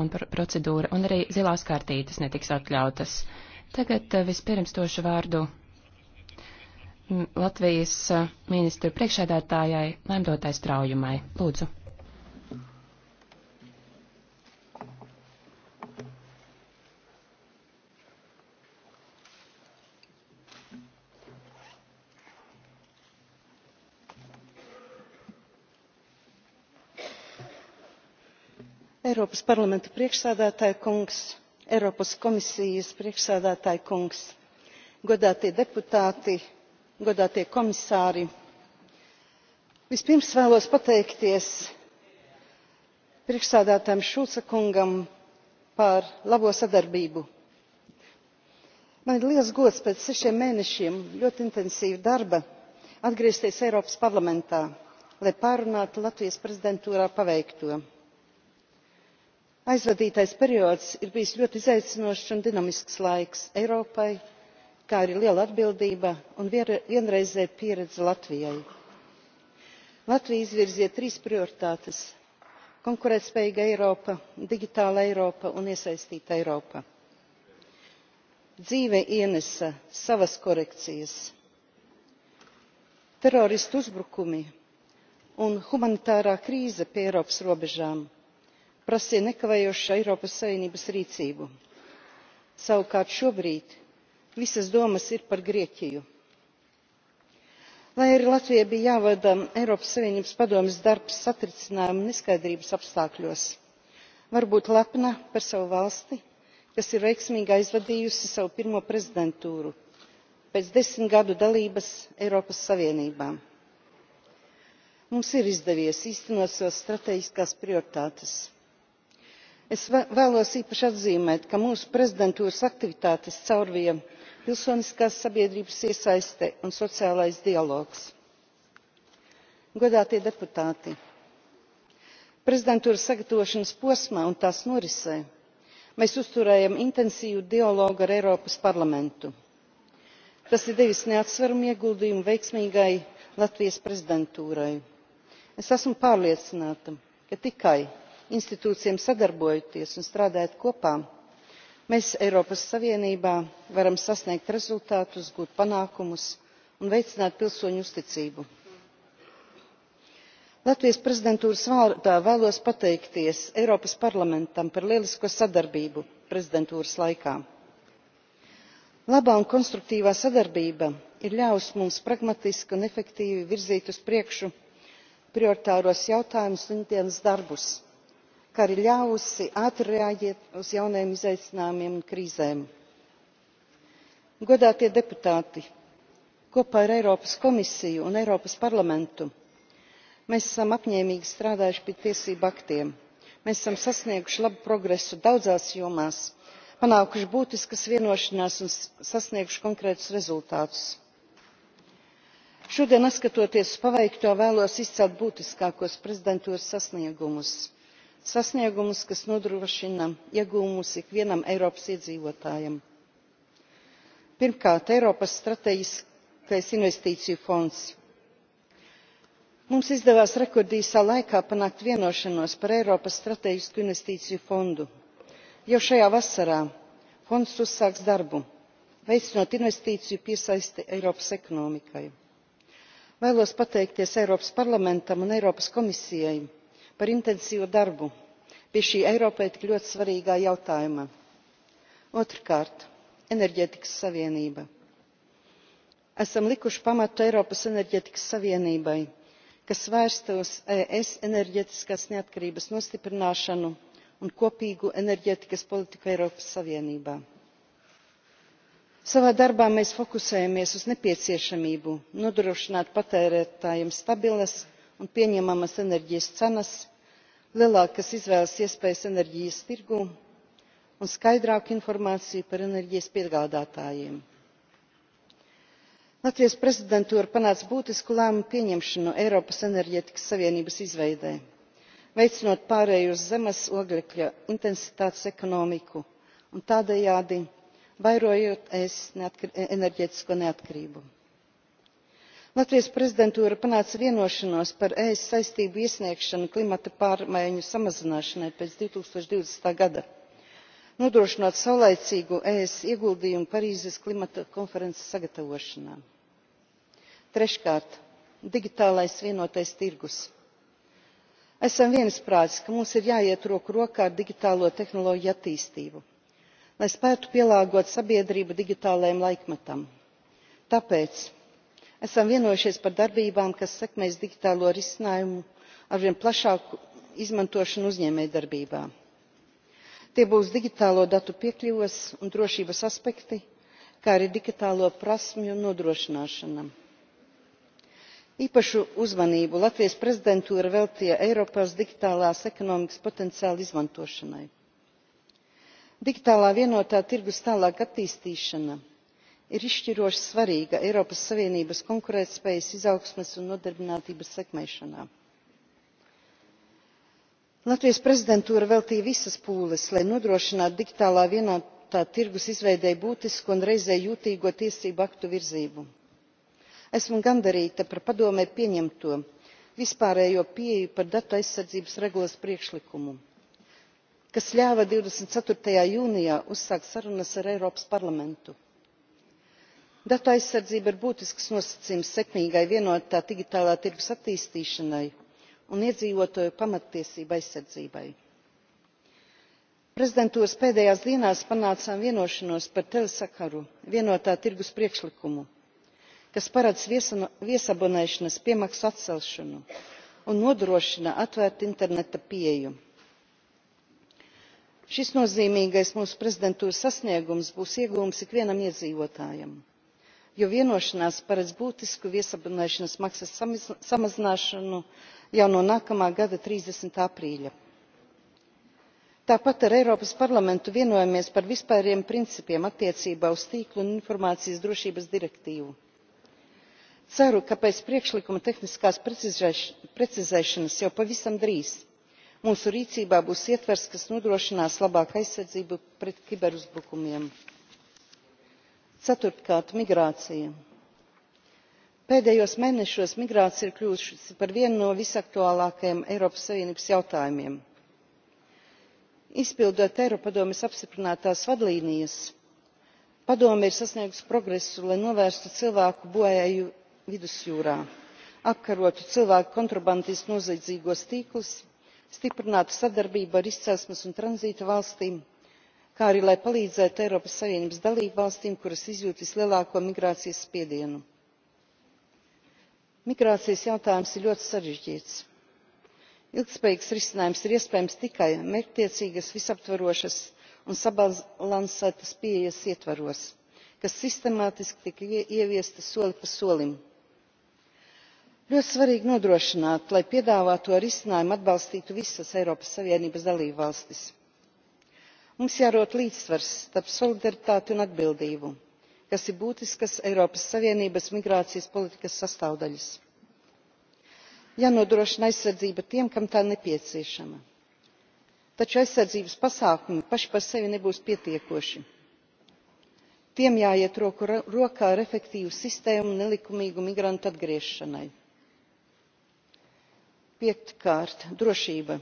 un pr procedūra, un arī zilās kartītes netiks atļautas. Tagad eh, vispirms došu vārdu mm, Latvijas eh, ministru priekšēdētājai Lemdotai Straujumai. Lūdzu. eiropas parlamenta priekšsēdētāja kungs eiropas komisijas priekšsēdētāja kungs godātie deputāti godātie komisāri vispirms vēlos pateikties priekšsēdētājam šulca kungam par labo sadarbību. man ir liels gods pēc sešiem mēnešiem ļoti intensīva darba atgriezties eiropas parlamentā lai pārunātu latvijas prezidentūrā paveikto aizvadītais periods ir bijis ļoti izaicinošs un dinamisks laiks eiropai kā arī liela atbildība un vienreizēja pieredze latvijai. latvija izvirzīja trīs prioritātes konkurētspējīga eiropa digitāla eiropa un iesaistīta eiropa. dzīve ienesa savas korekcijas. teroristu uzbrukumi un humanitārā krīze pie eiropas robežām prasīja nekavējošu eiropas savienības rīcību. savukārt šobrīd visas domas ir par grieķiju. lai arī latvijai bija jāvada eiropas savienības padomes darbs satricinājuma un neskaidrības apstākļos var būt lepna par savu valsti kas ir veiksmīgi aizvadījusi savu pirmo prezidentūru pēc desmit gadu dalības eiropas savienībā. mums ir izdevies īstenot savas stratēģiskās prioritātes es vēlos īpaši atzīmēt ka mūsu prezidentūras aktivitātes caurvija pilsoniskās sabiedrības iesaiste un sociālais dialogs. godātie deputāti! prezidentūras sagatavošanas posmā un tās norisē mēs uzturējām intensīvu dialogu ar eiropas parlamentu. tas ir devis neatsveramu ieguldījumu veiksmīgai latvijas prezidentūrai. es esmu pārliecināta ka tikai institūcijiem sadarbojoties un strādājot kopā mēs eiropas savienībā varam sasniegt rezultātus gūt panākumus un veicināt pilsoņu uzticību. latvijas prezidentūras vārdā vēlos pateikties eiropas parlamentam par lielisko sadarbību prezidentūras laikā. labā un konstruktīvā sadarbība ir ļāvusi mums pragmatiski un efektīvi virzīt uz priekšu prioritāros jautājumus un ikdienas darbus kar ir ļāvusi ātri reaģēt uz jauniem izaicinājumiem un krīzēm. godātie deputāti kopā ar eiropas komisiju un eiropas parlamentu mēs esam apņēmīgi strādājuši pie tiesību aktiem mēs esam sasnieguši labu progresu daudzās jomās panākuši būtiskas vienošanās un sasnieguši konkrētus rezultātus. šodien neskatoties uz paveikto vēlos izcelt būtiskākos prezidentūras sasniegumus sasniegumus kas nodrošina iegūmus ikvienam Eiropas iedzīvotājam. Pirmkārt, Eiropas strateģiskais investīciju fonds. Mums izdevās rekordīsā laikā panākt vienošanos par Eiropas strateģisku investīciju fondu. Jau šajā vasarā fonds uzsāks darbu veicinot investīciju piesaisti eiropas ekonomikai. vēlos pateikties eiropas parlamentam un eiropas komisijai par intensīvu darbu pie šī eiropai tik ļoti svarīgā jautājuma. otrkārt enerģētikas savienība. esam likuši pamatu eiropas enerģētikas savienībai kas vērsta uz es enerģētiskās neatkarības nostiprināšanu un kopīgu enerģētikas politiku eiropas savienībā. savā darbā mēs fokusējamies uz nepieciešamību nodrošināt patērētājiem stabilas un pieņemamas enerģijas cenas lielākas izvēles iespējas enerģijas tirgū un skaidrāku informāciju par enerģijas piegādātājiem. latvijas prezidentūra panāca būtisku lēmumu pieņemšanu eiropas enerģētikas savienības izveidē veicinot pārēju uz zemes oglekļa intensitātes ekonomiku un tādējādi vairojot es enerģētisko neatkarību latvijas prezidentūra panāca vienošanos par es saistību iesniegšanu klimata pārmaiņu samazināšanai pēc two thousand and twenty gada nodrošinot saulaicīgu es ieguldījumu parīzes klimata konferences sagatavošanā. treškārt digitālais vienotais tirgus. esam viensprātis ka mums ir jāiet roku rokā ar digitālo tehnoloģiju attīstību lai spētu pielāgot sabiedrību digitālajam laikmetam. tāpēc esam vienojušies par darbībām kas sekmēs digitālo risinājumu arvien plašāku izmantošanu uzņēmējdarbībā. tie būs digitālo datu piekļuves un drošības aspekti kā arī digitālo prasmju nodrošināšana. īpašu uzmanību latvijas prezidentūra veltīja eiropas digitālās ekonomikas potenciāla izmantošanai. digitālā vienotā tirgus tālāka attīstīšana ir izšķiroši svarīga eiropas savienības konkurētspējas izaugsmes un nodarbinātības sekmēšanā. latvijas prezidentūra veltīja visas pūles lai nodrošinātu digitālā vienotā tirgus izveidei būtisku un reizē jūtīgo tiesību aktu virzību. esmu gandarīta par padomē pieņemto vispārējo pieeju par datu aizsardzības regulas priekšlikumu kas ļāva divdesmit ceturtajā jūnijā uzsākt sarunas ar eiropas parlamentu datu aizsardzība ir būtisks nosacījums sekmīgai vienotā digitālā tirgus attīstīšanai un iedzīvotāju pamattiesību aizsardzībai. prezidentūras pēdējās dienās panācām vienošanos par telesakaru vienotā tirgus priekšlikumu kas paredz viesabonēšanas piemaksu atcelšanu un nodrošina atvērtu interneta pieeju. šis nozīmīgais mūsu prezidentūras sasniegums būs ieguvums ikvienam iedzīvotājam jo vienošanās paredz būtisku viesabonēšanas maksas samazināšanu jau no nākamā gada. thirty aprīļa tāpat ar eiropas parlamentu vienojāmies par vispārīgiem principiem attiecībā uz tīklu un informācijas drošības direktīvu. ceru ka pēc priekšlikuma tehniskās precizēšanas jau pavisam drīz mūsu rīcībā būs ietvers kas nodrošinās labāku aizsardzību pret kiberuzbrukumiem ceturtkārt migrācija pēdējos mēnešos migrācija ir kļuvusi par vienu no visaktuālākajiem eiropas savienības jautājumiem. izpildot eiropadomes apstiprinātās vadlīnijas padome ir sasniegusi progresu lai novērstu cilvēku bojāeju vidusjūrā apkarotu cilvēku kontrabandas noziedzīgos tīklus stiprinātu sadarbību ar izcelsmes un tranzīta valstīm kā arī lai palīdzētu eiropas savienības dalībvalstīm kuras izjūt vislielāko migrācijas spiedienu. migrācijas jautājums ir ļoti sarežģīts. ilgtspējīgs risinājums ir iespējams tikai mērķtiecīgas visaptvarošas un sabalansētas pieejas ietvaros kas sistemātiski tika ieviesta soli pa solim. ļoti svarīgi nodrošināt lai piedāvāto risinājumu atbalstītu visas eiropas savienības dalībvalstis mums jārod līdzsvars starp solidaritāti un atbildību kas ir būtiskas eiropas savienības migrācijas politikas sastāvdaļas. jānodrošina aizsardzība tiem kam tā nepieciešama taču aizsardzības pasākumi paši par sevi nebūs pietiekoši. tiem jāiet roku rokā ar efektīvu sistēmu nelikumīgu migrantu atgriešanai. piektkārt drošība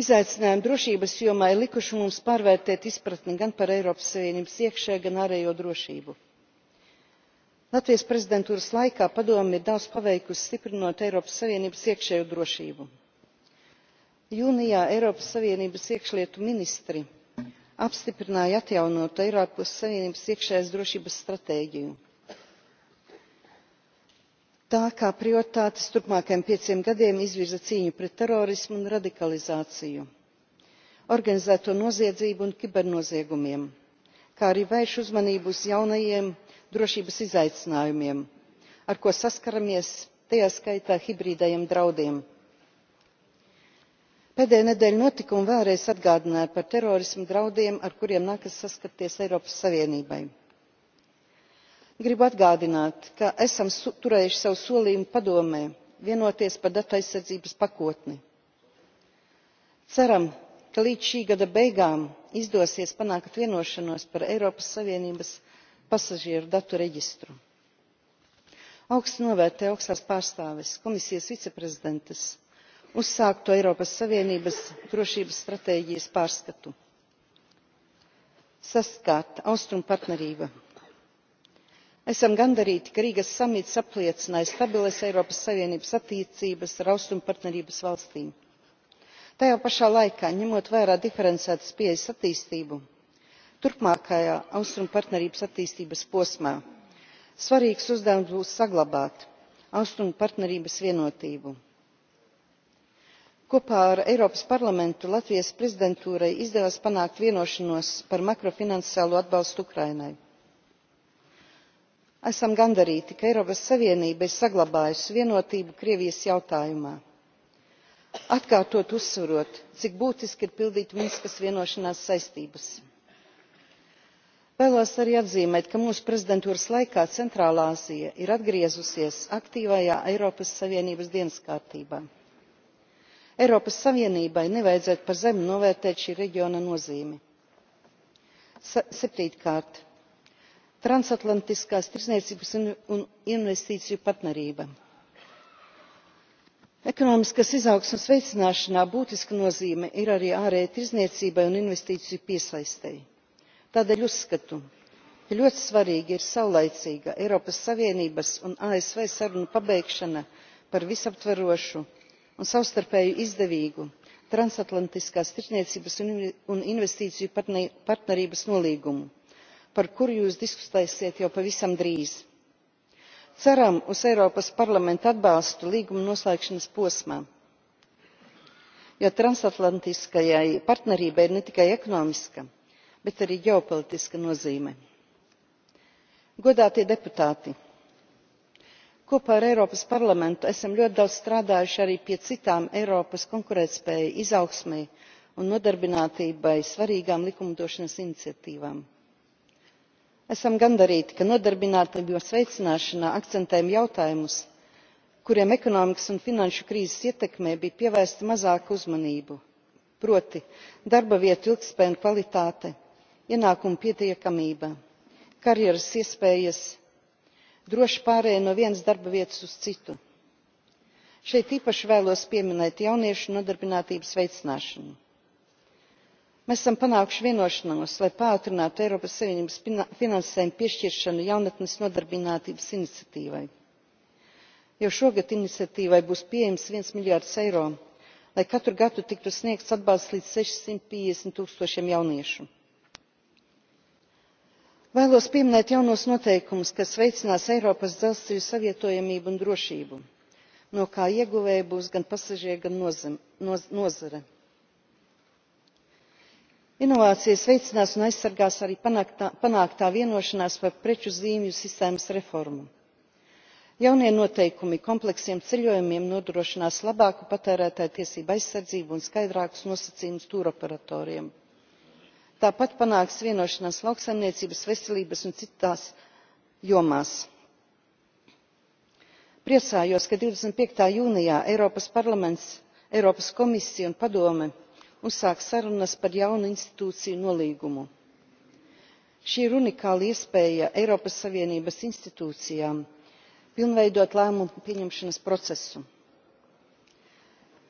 izaicinājumi drošības jomā ir likuši mums pārvērtēt izpratni gan par eiropas savienības iekšējo gan ārējo drošību. latvijas prezidentūras laikā padome ir daudz paveikusi stiprinot eiropas savienības iekšējo drošību. jūnijā eiropas savienības iekšlietu ministri apstiprināja atjaunotu eiropas savienības iekšējās drošības stratēģiju tā kā prioritātes turpmākajiem pieciem gadiem izvirza cīņu pret terorismu un radikalizāciju organizēto noziedzību un kibernoziegumiem kā arī vērš uzmanību uz jaunajiem drošības izaicinājumiem ar ko saskaramies tajā skaitā hibrīdajiem draudiem. pēdējo nedēļu notikumi vēlreiz atgādināja par terorisma draudiem ar kuriem nākas saskarties eiropas savienībai gribu atgādināt ka esam turējuši savu solījumu padomē vienoties par datu aizsardzības pakotni. ceram ka līdz šī gada beigām izdosies panākt vienošanos par eiropas savienības pasažieru datu reģistru. augstu novērtēju augstās pārstāves komisijas viceprezidentes uzsākto eiropas savienības drošības stratēģijas pārskatu. sestkārt austrumu partnerība esam gandarīti ka rīgas samits apliecināja stabilas eiropas savienības attiecības ar austrumpartnerības valstīm. tajā pašā laikā ņemot vērā diferencētas pieejas attīstību turpmākajā austrumpartnerības attīstības posmā svarīgs uzdevums būs saglabāt austrumpartnerības vienotību. kopā ar eiropas parlamentu latvijas prezidentūrai izdevās panākt vienošanos par makrofinanciālo atbalstu ukrainai esam gandarīti ka eiropas savienība ir saglabājusi vienotību krievijas jautājumā atkārtot uzsverot cik būtiski ir pildīt minskas vienošanās saistības. vēlos arī atzīmēt ka mūsu prezidentūras laikā centrālā azija ir atgriezusies aktīvajā eiropas savienības dienas kārtībā. eiropas savienībai nevajadzētu par zemu novērtēt šī reģiona nozīmi. septītkārt transatlantiskās tirsniecības un investīciju partnerība. ekonomiskās izaugsmes veicināšanā būtiska nozīme ir arī ārējai tirzniecībai un investīciju piesaistei. tādēļ uzskatu ka ļoti svarīga ir saulaicīga eiropas savienības un asv sarunu pabeigšana par visaptvarošu un savstarpēji izdevīgu transatlantiskās tirsniecības un investīciju partnerības nolīgumu par kuru jūs diskutēsiet jau pavisam drīz. ceram uz eiropas parlamenta atbalstu līguma noslēgšanas posmā jo transatlantiskajai partnerībai ir ne tikai ekonomiska bet arī ģeopolitiska nozīme. godātie deputāti! kopā ar eiropas parlamentu esam ļoti daudz strādājuši arī pie citām eiropas konkurētspējai izaugsmei un nodarbinātībai svarīgām likumdošanas iniciatīvām esam gandarīti ka nodarbinātības veicināšanā akcentējam jautājumus kuriem ekonomikas un finanšu krīzes ietekmē bija pievērsta mazāka uzmanība proti darba vietu ilgtspējīga kvalitāte ienākumu pietiekamība karjeras iespējas droša pārēja no vienas darba vietas uz citu. šeit īpaši vēlos pieminēt jauniešu nodarbinātības veicināšanu mēs esam panākuši vienošanos lai paātrinātu eiropas savienības finansējuma piešķiršanu jaunatnes nodarbinātības iniciatīvai jo šogad iniciatīvai būs pieejams viens miljards eiro lai katru gadu tiktu sniegts atbalsts līdz six hundred and fifty tūkstošiem jauniešu. vēlos pieminēt jaunos noteikumus kas veicinās eiropas dzelzceļa savietojamību un drošību no kā ieguvēji būs gan pasažieri gan nozare inovācijas veicinās un aizsargās arī panāktā vienošanās par preču zīmju sistēmas reformu. jaunie noteikumi kompleksiem ceļojumiem nodrošinās labāku patērētāju tiesību aizsardzību un skaidrākus nosacījumus tūroperatoriem. tāpat panāks vienošanās lauksaimniecības veselības un citās jomās. priecājos ka. twenty five jūnijā eiropas parlaments eiropas komisija un padome uzsākt sarunas par jaunu institūciju nolīgumu. šī ir unikāla iespēja eiropas savienības institūcijām pilnveidot lēmumu pieņemšanas procesu.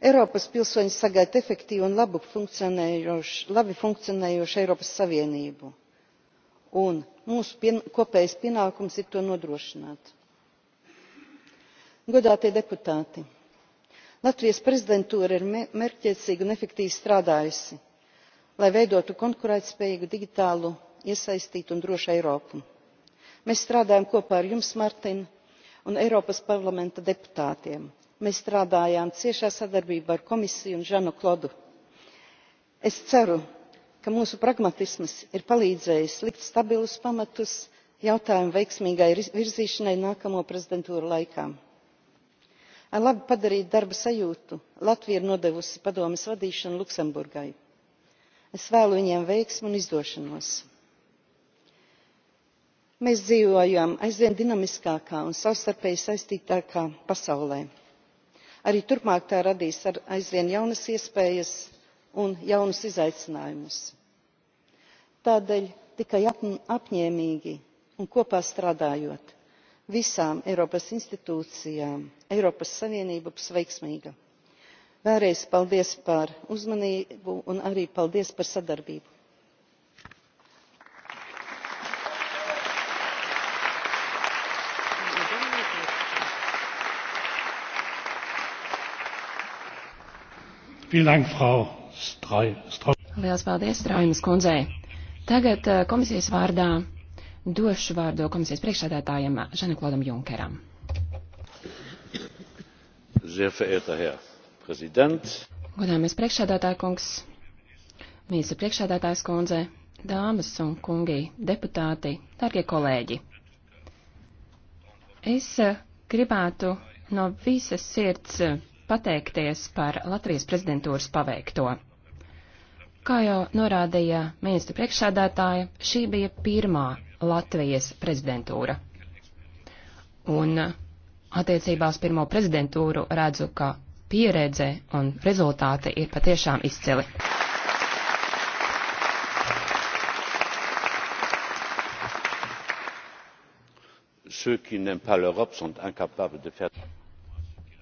eiropas pilsoņi sagaida efektīvu un funkcionējošu, labi funkcionējošu eiropas savienību un mūsu pien, kopējais pienākums ir to nodrošināt. godātie deputāti! latvijas prezidentūra ir mērķtiecīgi un efektīvi strādājusi lai veidotu konkurētspējīgu digitālu iesaistītu un drošu eiropu. mēs strādājam kopā ar jums martin un eiropas parlamenta deputātiem. mēs strādājām ciešā sadarbībā ar komisiju un žanu klodu. es ceru ka mūsu pragmatisms ir palīdzējis likt stabilus pamatus jautājuma veiksmīgai virzīšanai nākamo prezidentūru laikā ar labi padarītu darba sajūtu latvija ir nodevusi padomes vadīšanu luksemburgai. es vēlu viņiem veiksmi un izdošanos. mēs dzīvojam aizvien dinamiskākā un savstarpēji saistītākā pasaulē. arī turpmāk tā radīs ar aizvien jaunas iespējas un jaunus izaicinājumus. tādēļ tikai apņēmīgi un kopā strādājot visām Eiropas institūcijām Eiropas Savienība būs veiksmīga. Vēlreiz paldies par uzmanību un arī paldies par sadarbību. Lielas paldies Straujumas kundzei. Tagad eh, komisijas vārdā došu vārdu komisijas priekšsēdētājiem Žaniklodam Junkeram. Godāmies priekšsēdētāja kungs, mīsa priekšsēdētājas kundze, dāmas un kungi, deputāti, dārgie kolēģi. Es eh, gribētu no visas sirds eh, pateikties par Latvijas prezidentūras paveikto. Kā jau norādīja ministra priekšsādātāja, šī bija pirmā Latvijas prezidentūra. Un uh, attiecībā uz pirmo prezidentūru redzu, ka pieredze un rezultāti ir patiešām izcili.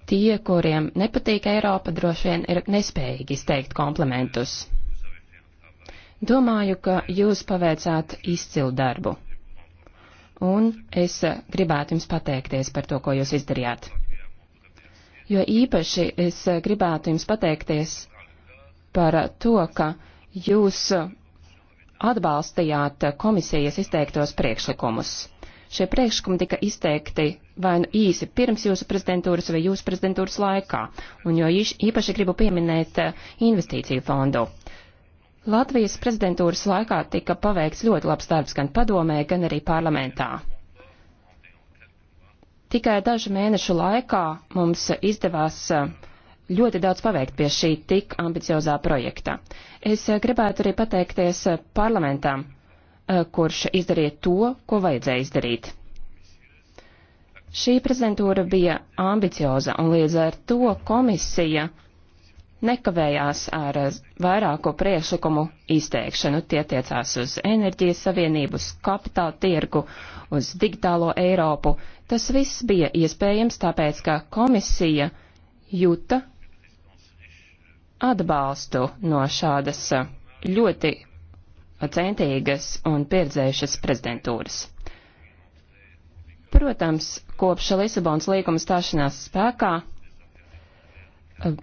Tie, kuriem nepatīk Eiropa, droši vien ir nespējīgi izteikt komplimentus. Domāju, ka jūs paveicāt izcilu darbu un es gribētu jums pateikties par to, ko jūs izdarījāt. Jo īpaši es gribētu jums pateikties par to, ka jūs atbalstījāt komisijas izteiktos priekšlikumus. Šie priekšlikumi tika izteikti vai nu īsi pirms jūsu prezidentūras vai jūsu prezidentūras laikā, un jo īpaši gribu pieminēt investīciju fondu. Latvijas prezidentūras laikā tika paveikts ļoti labs darbs gan padomē, gan arī parlamentā. Tikai dažu mēnešu laikā mums izdevās eh, ļoti daudz paveikt pie šī tik ambiciozā projekta. Es eh, gribētu arī pateikties eh, parlamentam, kurš izdarīja to, ko vajadzēja izdarīt. Šī prezidentūra bija ambicioza, un līdz ar to komisija uh, nekavējās ar eh, vairāku priekšlikumu izteikšanu. Tie tiecās uz enerģijas savienību, uz kapitāla tirgu, uz digitālo Eiropu. Tas viss bija iespējams tāpēc, ka komisija jūta atbalstu no šādas eh, ļoti centīgas un pieredzējušas prezidentūras. Protams, kopš Lisabonas līguma stāšanās spēkā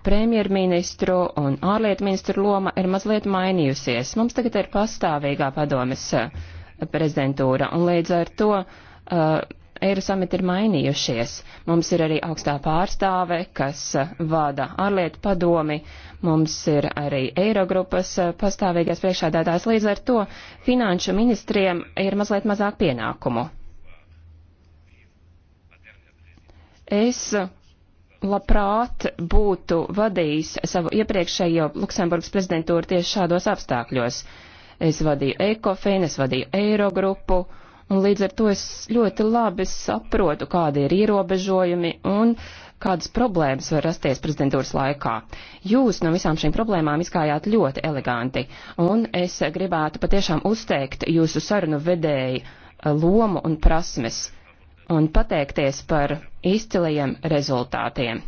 premjerministru un ārlietu ministru loma ir mazliet mainījusies. Mums tagad ir pastāvīgā padomes eh, prezidentūra, un līdz ar to uh, eh, Eirosamit ir mainījušies. Mums ir arī augstā pārstāve, kas eh, vada ārlietu padomi, mums ir arī Eirogrupas pastāvīgais priekšādātājs. Līdz ar to finanšu ministriem ir mazliet mazāk pienākumu. Es labprāt būtu vadījis savu iepriekšējo Luksemburgas prezidentūru tieši šādos apstākļos. Es vadīju ECOFIN, es vadīju Eirogrupu, un līdz ar to es ļoti labi saprotu, kādi ir ierobežojumi un kādas problēmas var rasties prezidentūras laikā. Jūs no visām šīm problēmām izkājāt ļoti eleganti, un es gribētu patiešām uzteikt jūsu sarunu vedēju eh, lomu un prasmes un pateikties par izcilajiem rezultātiem.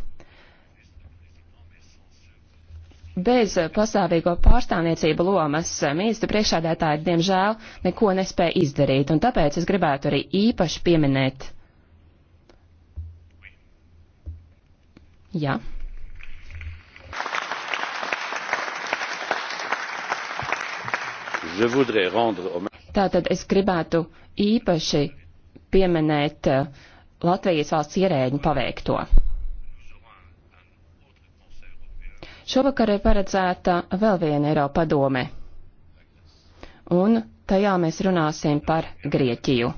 Bez pastāvīgo pārstāvniecību lomas ministra priekšādētāji, diemžēl, neko nespēja izdarīt, un tāpēc es gribētu arī īpaši pieminēt. Jā. Tātad es gribētu īpaši pieminēt eh, Latvijas valsts ierēģi paveikto. Šovakar ir paredzēta vēl viena Eiropa padome, un tajā mēs runāsim par Grieķiju.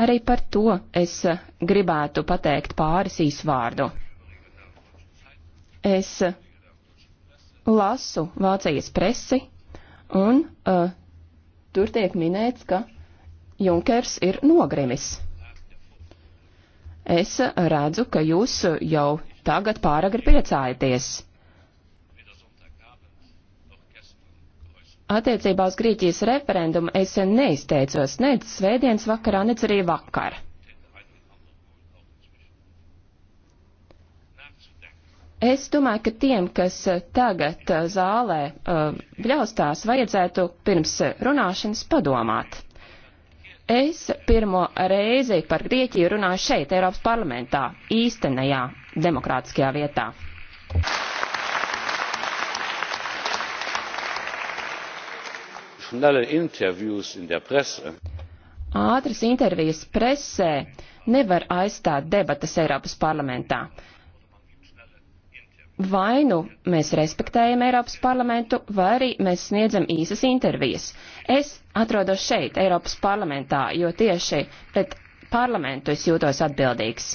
Arī par to es gribētu pateikt pāris īsvārdu. Es lasu Vācijas presi, un uh, tur tiek minēts, ka Junkers ir nogrimis. Es redzu, ka jūs jau tagad pāragri priecājaties. Attiecībā uz Grieķijas referendumu es neizteicos nec svētdienas vakarā, nec arī vakar. Es domāju, ka tiem, kas tagad zālē uh, bļaustās, vajadzētu pirms runāšanas padomāt. Es pirmo reizi par Grieķiju runāju šeit, Eiropas parlamentā, īstenajā demokrātiskajā vietā. Schnelle interviews in der Presse ātras intervijas presē nevar aizstāt debatas Eiropas parlamentā vai nu mēs respektējam Eiropas parlamentu, vai arī mēs sniedzam īsas intervijas. Es atrodos šeit, Eiropas parlamentā, jo tieši pret parlamentu es jūtos atbildīgs.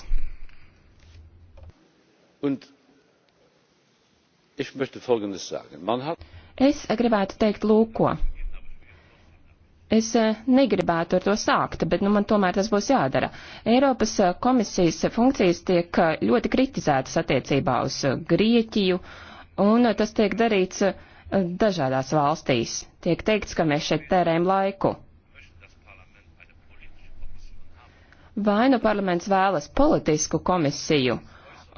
Es gribētu teikt lūko. Es eh, negribētu ar to sākt, bet nu, man tomēr tas būs jādara. Eiropas eh, komisijas funkcijas tiek eh, ļoti kritizētas attiecībā uz Grieķiju, un tas tiek darīts dažādās valstīs. Tiek teikts, ka mēs šeit tērējam laiku. Vai nu parlaments vēlas politisku komisiju,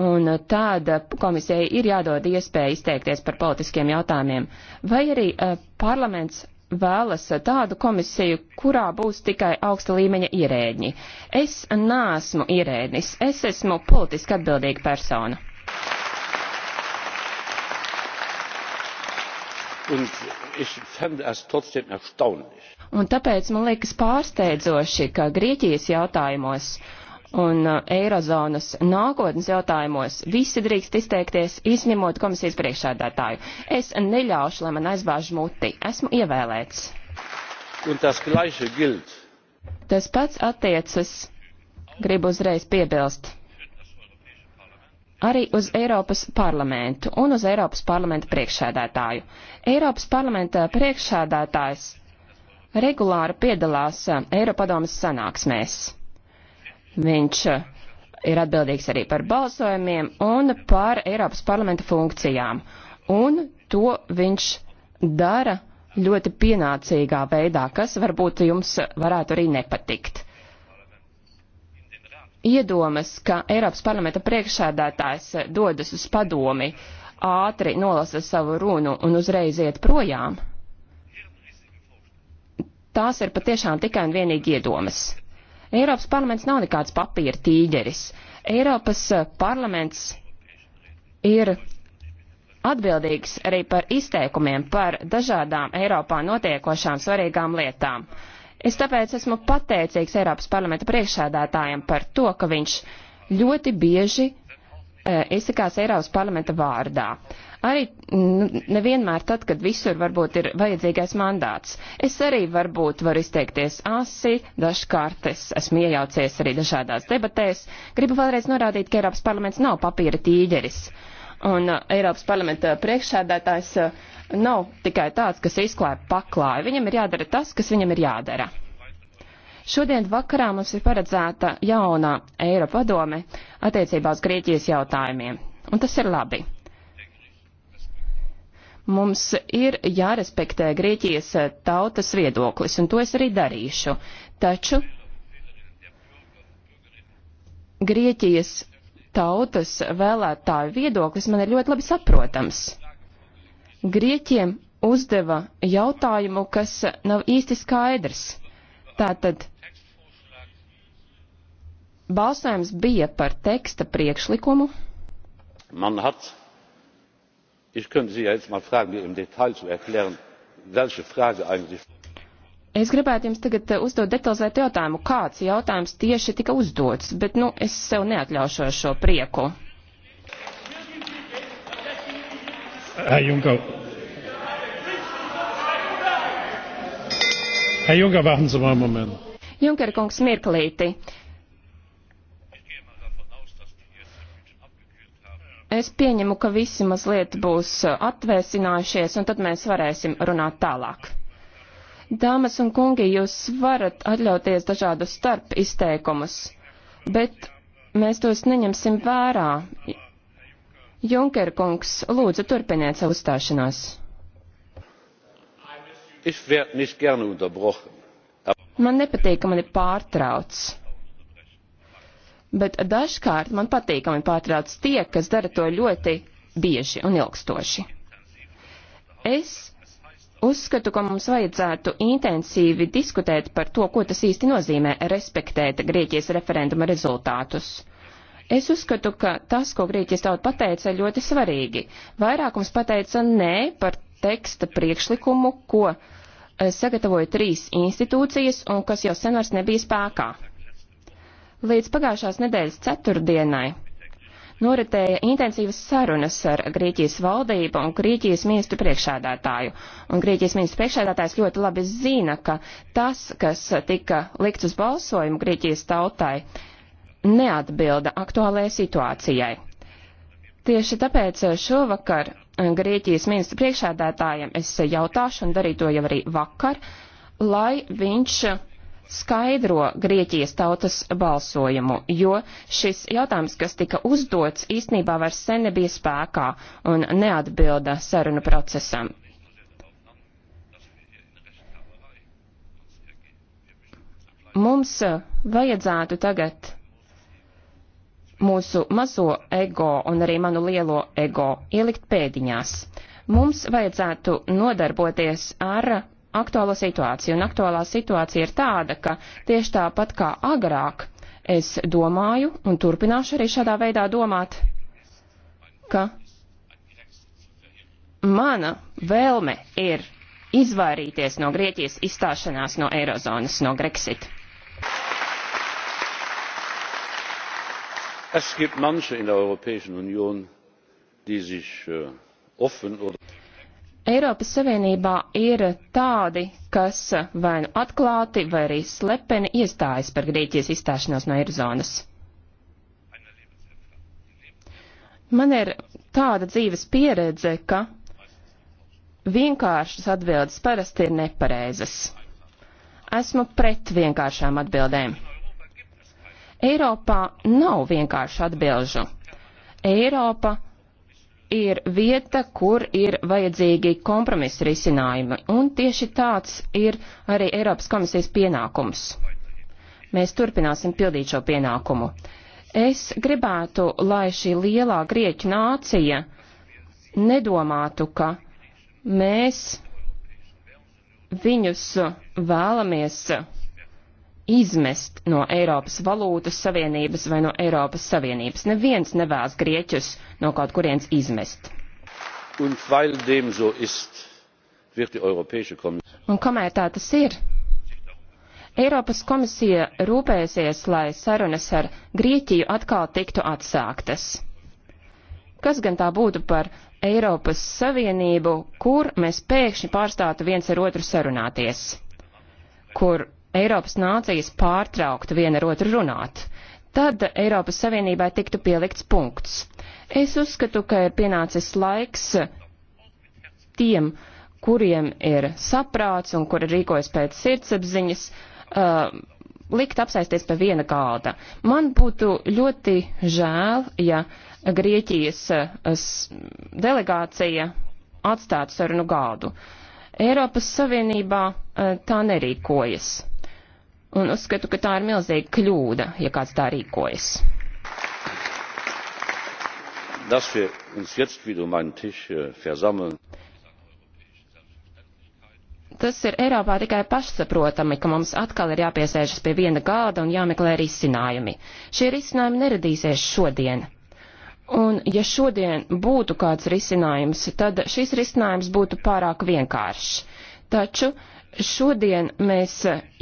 un tāda komisijai ir jādod iespēja izteikties par politiskiem jautājumiem, vai arī parlaments vēlas tādu komisiju, kurā būs tikai augsta līmeņa ierēģi. Es nāsmu ierēdnis, es esmu politiski atbildīga persona. Un tāpēc man liekas pārsteidzoši, ka Grieķijas jautājumos un uh, Eirozonas nākotnes jautājumos visi drīkst izteikties, izņemot komisijas priekšādātāju. Es neļaušu, lai man aizbāž muti. Esmu ievēlēts. Tas, tas pats attiecas, gribu uzreiz piebilst, arī uz Eiropas parlamentu un uz Eiropas parlamenta priekšādātāju. Eiropas parlamenta priekšādātājs regulāri piedalās uh, Eiropadomas sanāksmēs. Viņš eh, ir atbildīgs arī par balsojumiem un par Eiropas parlamenta funkcijām. Un to viņš dara ļoti pienācīgā veidā, kas varbūt jums varētu arī nepatikt. Iedomas, ka Eiropas parlamenta priekšsēdētājs dodas uz padomi, ātri nolasa savu runu un uzreiz iet projām, tās ir patiešām tikai un vienīgi iedomas. Eiropas parlaments nav nekāds papīra tīģeris. Eiropas eh, parlaments ir atbildīgs arī par izteikumiem par dažādām Eiropā notiekošām svarīgām lietām. Es tāpēc esmu pateicīgs Eiropas parlamenta priekšsēdētājiem par to, ka viņš ļoti bieži E, izsakās Eiropas parlamenta vārdā. Arī mm, nevienmēr tad, kad visur varbūt ir vajadzīgais mandāts. Es arī varbūt varu izteikties asi, dažkārt es esmu iejaucies arī dažādās debatēs. Gribu vēlreiz norādīt, ka Eiropas parlaments nav papīra tīģeris. Un e, Eiropas parlamenta priekšsēdētājs e, nav tikai tāds, kas izklāja paklāju. Viņam ir jādara tas, kas viņam ir jādara. Šodien vakarā mums ir paredzēta jaunā Eiropadome attiecībā uz Grieķijas jautājumiem, un tas ir labi. Mums ir jārespektē Grieķijas tautas viedoklis, un to es arī darīšu. Taču Grieķijas tautas vēlētāju viedoklis man ir ļoti labi saprotams. Grieķiem uzdeva jautājumu, kas nav īsti skaidrs. Tātad Balsojums bija par teksta priekšlikumu. Man hat, ich könnte Sie ja jetzt mal fragen, mir im Detail zu erklären, welche Frage eigentlich. Es gribētu jums tagad eh, uzdot detalizētu jautājumu, kāds jautājums tieši tika uzdots, bet, nu, es sev neatļaušos šo prieku. Herr Juncker. Herr Juncker, warten Sie mal einen Moment. Junker kungs, mirklīti. Es pieņemu, ka visi mazliet būs uh, atvēsinājušies, un tad mēs varēsim runāt tālāk. Dāmas un kungi, jūs varat atļauties dažādus starp izteikumus, bet mēs tos neņemsim vērā. Junker kungs, lūdzu, turpiniet savu stāšanos. Man nepatīk, ka mani pārtrauc bet dažkārt man patīkami pārtrauc tie, kas dara to ļoti bieži un ilgstoši. Es uzskatu, ka mums vajadzētu intensīvi diskutēt par to, ko tas īsti nozīmē respektēt Grieķijas referenduma rezultātus. Es uzskatu, ka tas, ko Grieķijas tauta pateica, ir ļoti svarīgi. Vairākums pateica nē par teksta priekšlikumu, ko eh, sagatavoja trīs institūcijas un kas jau sen vairs nebija spēkā. Līdz pagājušās nedēļas ceturtdienai noritēja intensīvas sarunas ar Grieķijas valdību un Grieķijas ministru priekšādātāju. Un Grieķijas ministru priekšādātājs ļoti labi zina, ka tas, kas tika likts uz balsojumu Grieķijas tautai, neatbilda aktuālajai situācijai. Tieši tāpēc šovakar Grieķijas ministru priekšādātājiem es jautāšu un darīju to jau arī vakar, lai viņš skaidro Grieķijas tautas balsojumu, jo šis jautājums, kas tika uzdots, īstenībā vairs sen nebija spēkā un neatbilda sarunu procesam. Mums vajadzētu tagad mūsu mazo ego un arī manu lielo ego ielikt pēdiņās. Mums vajadzētu nodarboties ar aktuālo situāciju. Un aktuālā situācija ir tāda, ka tieši tāpat kā agrāk es domāju un turpināšu arī šādā veidā domāt, ka mana vēlme ir izvairīties no Grieķijas izstāšanās no Eirozonas, no Grexit. Es gibt manche in der Europäischen Union, die sich äh, offen oder Eiropas Savienībā ir tādi, kas vai nu atklāti, vai arī slepeni iestājas par Grieķijas izstāšanos no Eirozonas. Man ir tāda dzīves pieredze, ka vienkāršas atbildes parasti ir nepareizas. Esmu pret vienkāršām atbildēm. Eiropā nav vienkāršu atbilžu. Eiropa ir vieta, kur ir vajadzīgi kompromisa risinājumi, un tieši tāds ir arī Eiropas komisijas pienākums. Mēs turpināsim pildīt šo pienākumu. Es gribētu, lai šī lielā grieķu nācija nedomātu, ka mēs viņus vēlamies izmest no Eiropas valūtas savienības vai no Eiropas Savienības. Neviens nevēlas grieķus no kaut kurienes izmest. Un, so ist, Un kamēr tā tas ir, Eiropas komisija rūpēsies, lai sarunas ar Grieķiju atkal tiktu atsāktas. Kas gan tā būtu par Eiropas Savienību, kur mēs pēkšņi pārstātu viens ar otru sarunāties? Kur Eiropas nācijas pārtrauktu viena ar otru runāt. Tad Eiropas Savienībai tiktu pielikts punkts. Es uzskatu, ka ir pienācis laiks tiem, kuriem ir saprāts un kuri rīkojas pēc sirdsapziņas, uh, likt apsaisties pie viena galda. Man būtu ļoti žēl, ja Grieķijas uh, delegācija atstātu sarunu galdu. Eiropas Savienībā uh, tā nerīkojas. Un uzskatu, ka tā ir milzīga kļūda, ja kāds tā rīkojas. Dass wir uns jetzt wieder um einen Tisch äh, versammeln. Tas ir Eiropā tikai pašsaprotami, ka mums atkal ir jāpiesēžas pie viena gāda un jāmeklē risinājumi. Šie risinājumi neradīsies šodien. Un ja šodien būtu kāds risinājums, tad šis risinājums būtu pārāk vienkāršs. Taču uh, Šodien mēs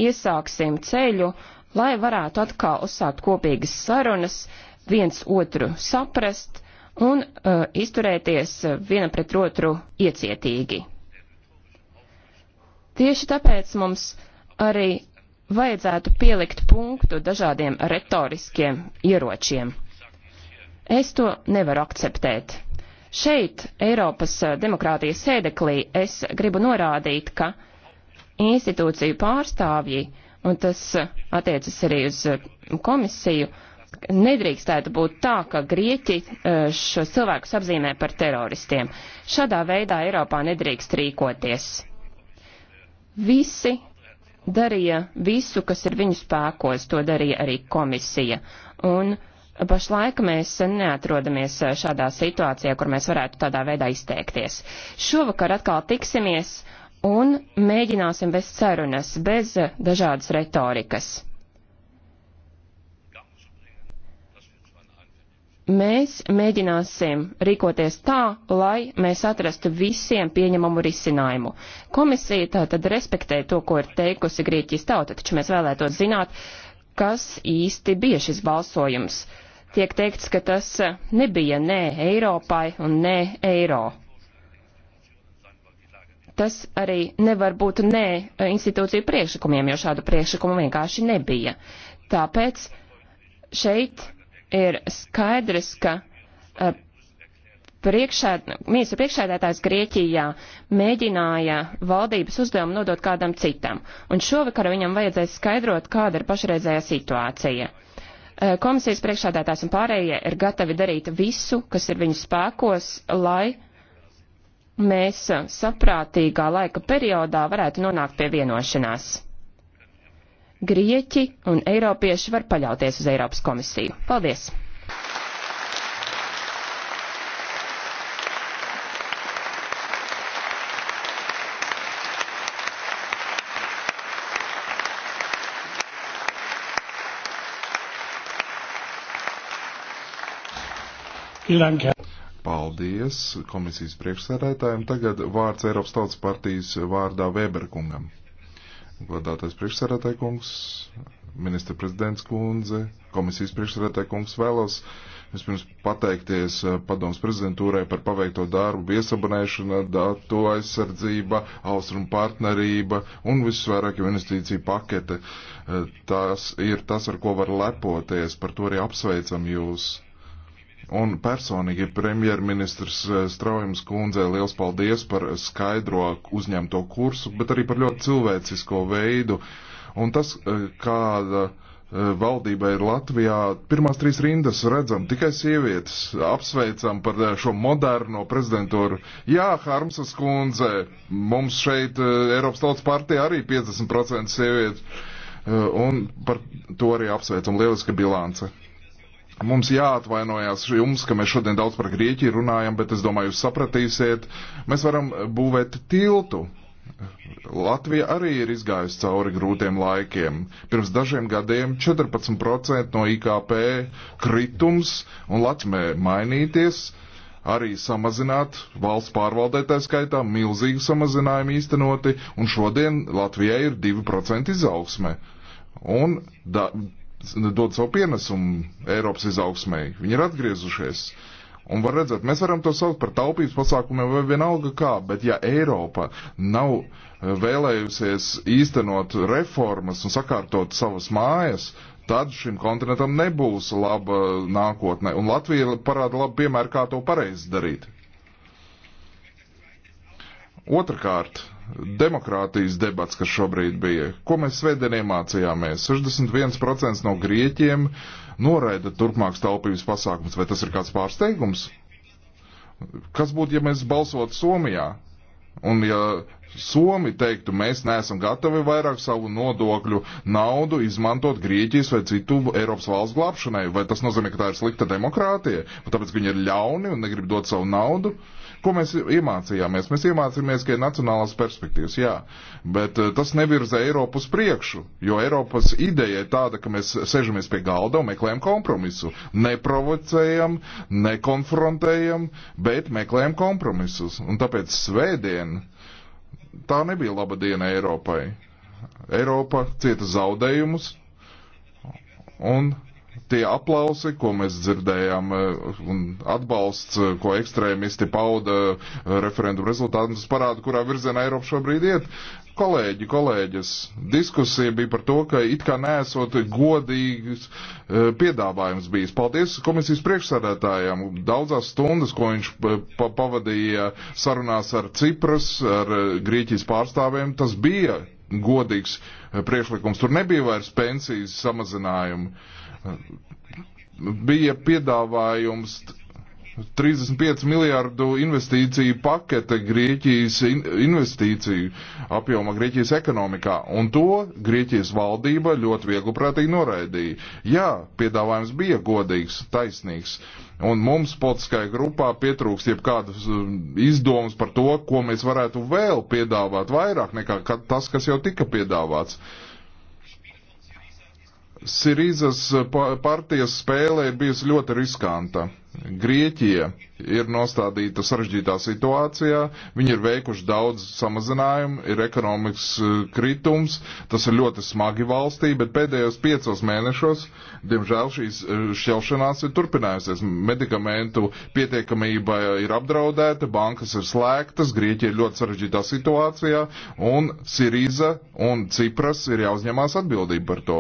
iesāksim ceļu, lai varētu atkal uzsākt kopīgas sarunas, viens otru saprast un uh, izturēties viena pret otru iecietīgi. Tieši tāpēc mums arī vajadzētu pielikt punktu dažādiem retoriskiem ieročiem. Es to nevaru akceptēt. Šeit, Eiropas uh, demokrātijas sēdeklī, es gribu norādīt, ka uh, institūciju pārstāvji, un tas attiecas arī uz eh, komisiju, nedrīkstētu būt tā, ka Grieķi eh, šos cilvēkus apzīmē par teroristiem. Šādā veidā Eiropā nedrīkst rīkoties. Visi darīja visu, kas ir viņu spēkos, to darīja arī komisija. Un Pašlaik mēs neatrodamies eh, šādā situācijā, kur mēs varētu tādā veidā izteikties. Šovakar atkal tiksimies un mēģināsim vest sarunas bez dažādas retorikas. Mēs mēģināsim rīkoties tā, lai mēs atrastu visiem pieņemamu risinājumu. Komisija tātad respektē to, ko ir teikusi Grieķijas tauta, taču mēs vēlētos zināt, kas īsti bija šis balsojums. Tiek teikts, ka tas nebija nē Eiropai un nē Eiropai tas arī nevar būt nē eh, institūciju priekšlikumiem, jo šādu priekšlikumu vienkārši nebija. Tāpēc šeit ir skaidrs, ka eh, priekšēd, ministra priekšēdētājs Grieķijā mēģināja valdības uzdevumu nodot kādam citam, un šovakar viņam vajadzēs skaidrot, kāda ir pašreizējā situācija. Eh, komisijas priekšādātājs un pārējie ir gatavi darīt visu, kas ir viņu spēkos, lai uh, mēs saprātīgā laika periodā varētu nonākt pie vienošanās. Grieķi un Eiropieši var paļauties uz Eiropas komisiju. Paldies! Vielen Dank, Herr Paldies komisijas priekšsēdētājiem. Tagad vārds Eiropas Tautas partijas vārdā Weberkungam. Godātais priekšsēdētāja kungs, ministra prezidents kundze, komisijas priekšsēdētāja kungs vēlos vispirms pateikties eh, padoms prezidentūrai par paveikto darbu, viesabunēšana, datu aizsardzība, austrumu partnerība un visvairāk investīciju pakete. Eh, tas ir tas, ar ko var lepoties, par to arī apsveicam jūs Un personīgi premjerministrs eh, Straujums kundzē liels paldies par skaidro uzņemto kursu, bet arī par ļoti cilvēcisko veidu. Un tas, eh, kāda eh, valdība ir Latvijā, pirmās trīs rindas redzam tikai sievietes. Apsveicam par šo moderno prezidentūru. Jā, Harmsas kundze, mums šeit Eiropas tautas partija arī 50% sievietes. Un par to arī apsveicam. Lieliska bilance. Mums jāatvainojās jums, ka mēs šodien daudz par Grieķiju runājam, bet es domāju, jūs sapratīsiet, mēs varam būvēt tiltu. Latvija arī ir izgājusi cauri grūtiem laikiem. Pirms dažiem gadiem 14% no IKP kritums un Latvijai mainīties, arī samazināt valsts pārvaldētāju skaitā, milzīgi samazinājumi īstenoti, un šodien Latvijai ir 2% izaugsme. Un da, dod savu pienesumu Eiropas izaugsmēji. Viņi ir atgriezušies. Un var redzēt, mēs varam to saukt par taupības pasākumiem vai vienalga kā, bet ja Eiropa nav eh, vēlējusies īstenot reformas un sakārtot savas mājas, tad šim kontinentam nebūs laba nākotne. Un Latvija parāda labu piemēru, kā to pareizi darīt. Otrakārt, demokrātijas debats, kas šobrīd bija. Ko mēs svētdien iemācījāmies? 61% no grieķiem noraida turpmākas taupības pasākums. Vai tas ir kāds pārsteigums? Kas būtu, ja mēs balsotu Somijā? Un ja Somi teiktu, mēs neesam gatavi vairāk savu nodokļu naudu izmantot Grieķijas vai citu Eiropas valsts glābšanai, vai tas nozīmē, ka tā ir slikta demokrātija, tāpēc, ka viņi ir ļauni un negrib dot savu naudu? Uh, Ko mēs iemācījāmies? Mēs iemācījāmies, ka ir nacionālās perspektīvas, jā, bet eh, tas nevirza Eiropu uz priekšu, jo Eiropas ideja ir tāda, ka mēs sežamies pie galda un meklējam kompromisu. Neprovocējam, nekonfrontējam, bet meklējam kompromisus. Un tāpēc svētdien tā nebija laba diena Eiropai. Eiropa cieta zaudējumus un tie aplausi, ko mēs dzirdējām, eh, un atbalsts, eh, ko ekstrēmisti pauda eh, referendumu rezultātus, parāda, kurā virzienā Eiropa šobrīd iet. Kolēģi, kolēģis, diskusija bija par to, ka it kā nesot godīgs piedāvājums bijis. Paldies komisijas priekšsādātājiem. Daudzās stundas, ko viņš pavadīja sarunās ar Cipras, ar Grieķijas pārstāvēm, tas bija godīgs priekšlikums. Tur nebija vairs pensijas samazinājumu bija piedāvājums 35 miljārdu investīciju pakete Grieķijas investīciju apjoma Grieķijas ekonomikā, un to Grieķijas valdība ļoti viegliprātīgi noraidīja. Jā, piedāvājums bija godīgs, taisnīgs, un mums politiskajā grupā pietrūkst jebkādas um, izdomas par to, ko mēs varētu vēl piedāvāt vairāk nekā tas, kas jau tika piedāvāts. Uh, Sirīzas eh, partijas spēle ir bijusi ļoti riskanta. Grieķija ir nostādīta sarežģītā situācijā, viņi ir veikuši daudz samazinājumu, ir ekonomikas eh, kritums, tas ir ļoti smagi valstī, bet pēdējos piecos mēnešos, diemžēl, šīs eh, šķelšanās ir turpinājusies. Medikamentu pietiekamība ir apdraudēta, bankas ir slēgtas, Grieķija ir ļoti sarežģītā situācijā, un Sirīza un Cipras ir jāuzņemās atbildība par to.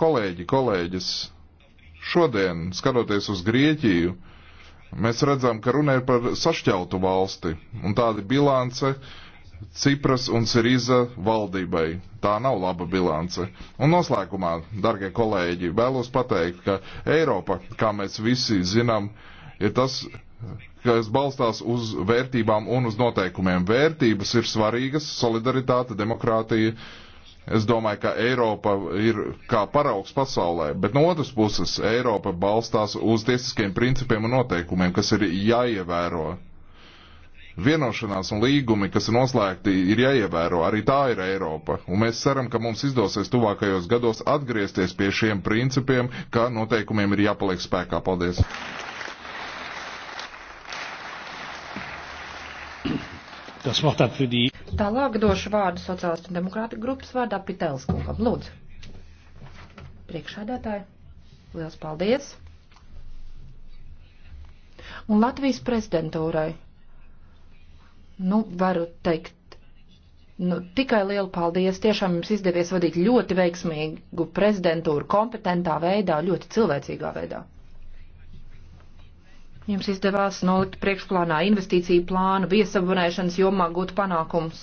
Kolēģi, kolēģis, šodien, skatoties uz Grieķiju, mēs redzam, ka runa ir par sašķeltu valsti, un tāda bilance Cipras un Siriza valdībai. Tā nav laba bilance. Un noslēgumā, dargie kolēģi, vēlos pateikt, ka Eiropa, kā mēs visi zinām, ir tas, kas balstās uz vērtībām un uz noteikumiem. Vērtības ir svarīgas, solidaritāte, demokrātija, uh, Es domāju, ka Eiropa ir kā paraugs pasaulē, bet no otras puses Eiropa balstās uz tiesiskiem principiem un noteikumiem, kas ir jāievēro. Vienošanās un līgumi, kas ir noslēgti, ir jāievēro. Arī tā ir Eiropa. Un mēs ceram, ka mums izdosies tuvākajos gados atgriezties pie šiem principiem, ka noteikumiem ir jāpaliek spēkā. Paldies! Tas vēl tā pridī. Tālāk došu vārdu sociālistu demokrātu grupas vārdā Pitēls kungam. Lūdzu. Priekšādātāji, liels paldies. Un Latvijas prezidentūrai, nu, varu teikt, nu, tikai lielu paldies. Tiešām jums izdevies vadīt ļoti veiksmīgu prezidentūru kompetentā veidā, ļoti cilvēcīgā veidā. Jums izdevās nolikt priekšplānā investīciju plānu, viesabunēšanas jomā gūt panākums.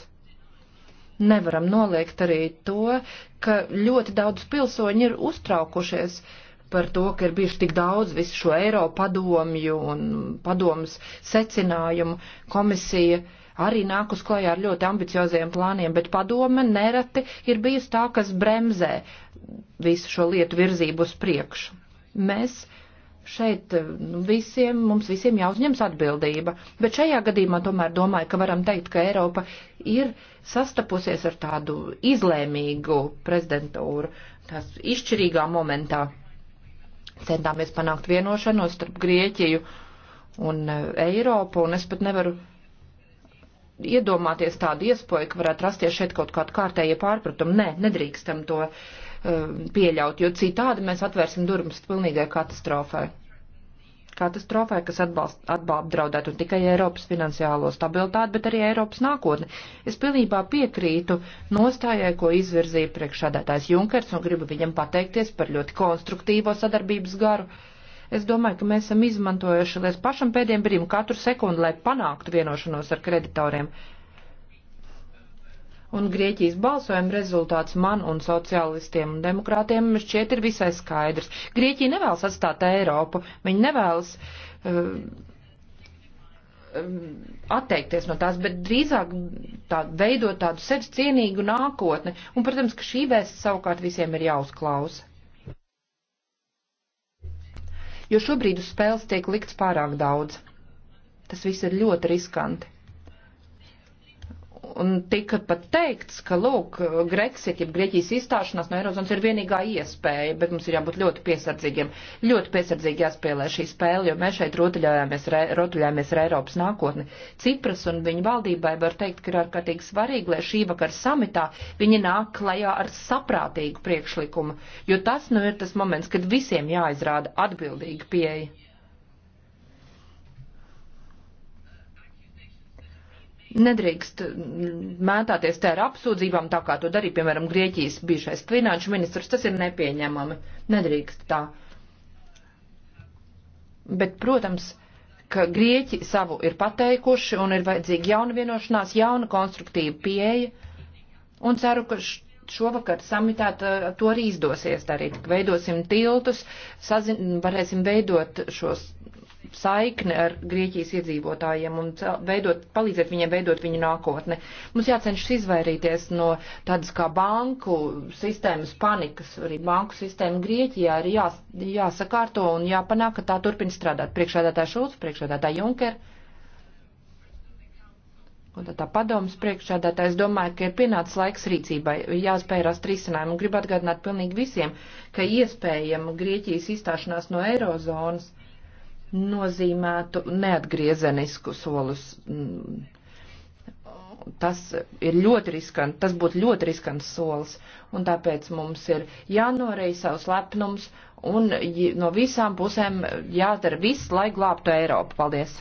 Nevaram noliegt arī to, ka ļoti daudz pilsoņi ir uztraukušies par to, ka ir bijuši tik daudz visu šo eiro padomju un padomas secinājumu komisija arī nāk uz klajā ar ļoti ambicioziem plāniem, bet padome nereti ir bijusi tā, kas bremzē visu šo lietu virzību uz priekšu. Mēs šeit eh, nu, visiem, mums visiem jāuzņems atbildība. Bet šajā gadījumā tomēr domāju, ka varam teikt, ka Eiropa ir sastapusies ar tādu izlēmīgu prezidentūru, tās izšķirīgā momentā. Centāmies panākt vienošanos starp Grieķiju un eh, Eiropu, un es pat nevaru iedomāties tādu iespēju, ka varētu rasties šeit kaut kāda kārtēja pārpratuma. Nē, nedrīkstam to uh, Um, pieļaut, jo citādi mēs atvērsim durvis pilnīgai katastrofai. Katastrofai, kas apdraudētu ne tikai Eiropas finansiālo stabilitāti, bet arī Eiropas nākotni. Es pilnībā piekrītu nostājai, ko izvirzīja priekšādātājs Junkers, un gribu viņam pateikties par ļoti konstruktīvo sadarbības garu. Es domāju, ka mēs esam izmantojuši līdz pašam pēdējiem brīdim katru sekundi, lai panāktu vienošanos ar kreditoriem un Grieķijas balsojuma rezultāts man un sociālistiem un demokrātiem šķiet ir visai skaidrs. Grieķija nevēlas atstāt Eiropu, viņi nevēlas uh, atteikties no tās, bet drīzāk tā, veidot tādu sevi cienīgu nākotni. Un, protams, ka šī vēsts savukārt visiem ir jāuzklausa. Jo šobrīd uz spēles tiek likts pārāk daudz. Tas viss ir ļoti riskanti. Un tika pat teikts, ka, lūk, Grexit, ja Grieķijas izstāšanās no Eirozonas ir vienīgā iespēja, bet mums ir jābūt ļoti piesardzīgiem, ļoti piesardzīgi jāspēlē šī spēle, jo mēs šeit rotuļājāmies, re, rotuļājāmies ar Eiropas nākotni. Cipras un viņa valdībai var teikt, ka ir ārkārtīgi svarīgi, lai šī vakar samitā viņi nāk klajā ar saprātīgu priekšlikumu, jo tas nu ir tas moments, kad visiem jāizrāda atbildīga pieeja. nedrīkst mētāties tā ar apsūdzībām, tā kā to darīja, piemēram, Grieķijas bijušais finanšu ministrs. Tas ir nepieņemami. Nedrīkst tā. Bet, protams, ka Grieķi savu ir pateikuši un ir vajadzīga jauna vienošanās, jauna konstruktīva pieeja. Un ceru, ka šovakar samitā to arī izdosies darīt. Veidosim tiltus, sazin, varēsim veidot šos saikne ar Grieķijas iedzīvotājiem un veidot, palīdzēt viņiem veidot viņu nākotni. Mums jācenšas izvairīties no tādas kā banku sistēmas panikas. Arī banku sistēma Grieķijā ir jās, jāsakārto un jāpanāk, ka tā turpina strādāt. Priekšādātā Šulc, priekšādātā Junker. Un tā, tā padomas priekšsēdētāja, es domāju, ka ir pienācis laiks rīcībai, jāspēj rast risinājumu. Un gribu atgādināt pilnīgi visiem, ka iespējama Grieķijas izstāšanās no Eirozonas nozīmētu neatgriezenisku solus. Mm, tas ir ļoti riskanti, tas būtu ļoti riskants solis, un tāpēc mums ir jānorei savs lepnums un no visām pusēm jādara viss, lai glābtu Eiropu. Paldies!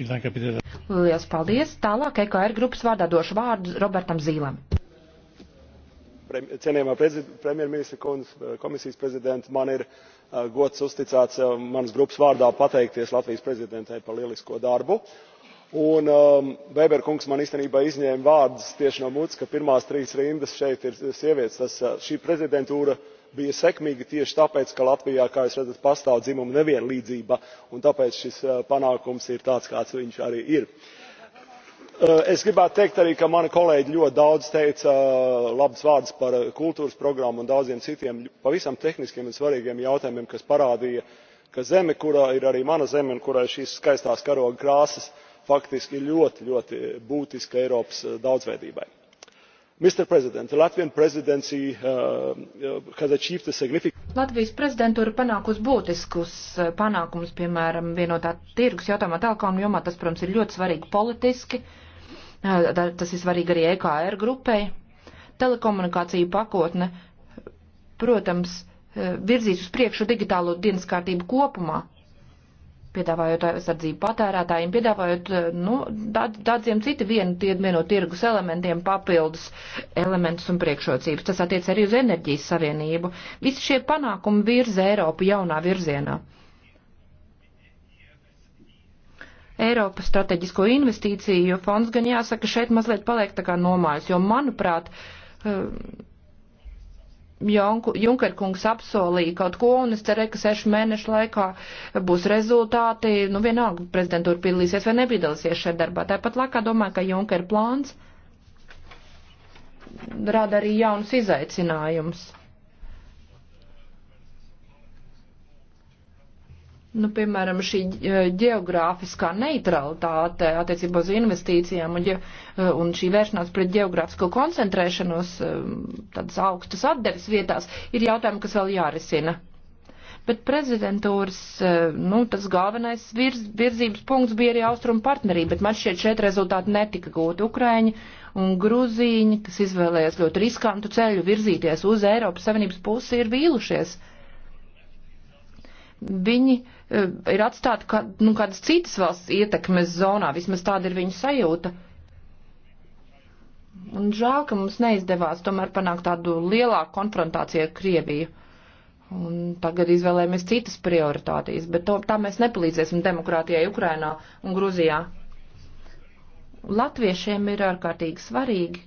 Lielas paldies! Tālāk EKR grupas vārdā došu vārdu Robertam Zīlam cienījamā premjerministra kundze eh, komisijas prezident man ir eh, gods uzticēts eh, manas grupas vārdā pateikties latvijas prezidentūrai par lielisko darbu. Um, weber kungs man īstenībā izņēma vārdus tieši no mutes ka pirmās trīs rindas šeit ir sievietes. šī prezidentūra bija sekmīga tieši tāpēc ka latvijā kā jūs redzat pastāv dzimumu nevienlīdzība un tāpēc šis panākums ir tāds kāds viņš arī ir. Eh, es gribētu teikt arī ka mani kolēģi ļoti daudz teica eh, labus vārdus par eh, kultūras programmu un daudziem citiem pavisam tehniskiem un svarīgiem jautājumiem kas parādīja ka zeme kurā ir arī mana zeme un kurai ir šīs skaistās karoga krāsas faktiski ir ļoti ļoti būtiska eiropas daudzveidībai. Mr. President, the Latvian presidency uh, has achieved a significant. Latvijas prezidentūra panākusi būtiskus panākumus, piemēram, vienotā tirgus jautājumā tālkā un jomā tas, protams, ir ļoti svarīgi politiski. Uh, Tas ir svarīgi arī EKR grupai. Telekomunikāciju pakotne, protams, e, virzīs uz priekšu digitālo dienas kārtību kopumā, piedāvājot aizsardzību patērētājiem, piedāvājot e, nu, daudziem citi vienu vieno tirgus elementiem papildus elementus un priekšrocības. Tas attiec arī uz enerģijas savienību. Visi šie panākumi virza Eiropu jaunā virzienā. Eiropas strateģisko investīciju fonds, gan jāsaka, šeit mazliet paliek tā kā nomājas, jo, manuprāt, eh, Junker kungs apsolīja kaut ko, un es cerēju, ka sešu mēnešu laikā būs rezultāti. Nu, vienalga, prezidentūra piedalīsies vai nepiedalīsies šajā darbā. Tāpat laikā domāju, ka Junker plāns rada arī jaunus izaicinājumus Nu, piemēram, šī e, geogrāfiskā neutralitāte attiecībā uz investīcijām un, e, un šī vēršanās pret geogrāfisko koncentrēšanos e, tādas augstas atdeves vietās ir jautājumi, kas vēl jārisina. Bet prezidentūras, nu, tas galvenais virz, virzības punkts bija arī austrumu partnerība, bet man šķiet šeit rezultāti netika gūti Ukraiņi un Gruzīņi, kas izvēlējās ļoti riskantu ceļu virzīties uz Eiropas Savienības pusi, ir vīlušies. Uh, viņi eh, ir atstāti kā, nu, kādas citas valsts ietekmes zonā, vismaz tāda ir viņu sajūta. Un žēl, ka mums neizdevās tomēr panākt tādu lielāku konfrontāciju ar Krieviju. Un tagad izvēlējamies citas prioritātīs, bet to, tā mēs nepalīdzēsim demokrātijai Ukrainā un Gruzijā. Latviešiem ir ārkārtīgi svarīgi,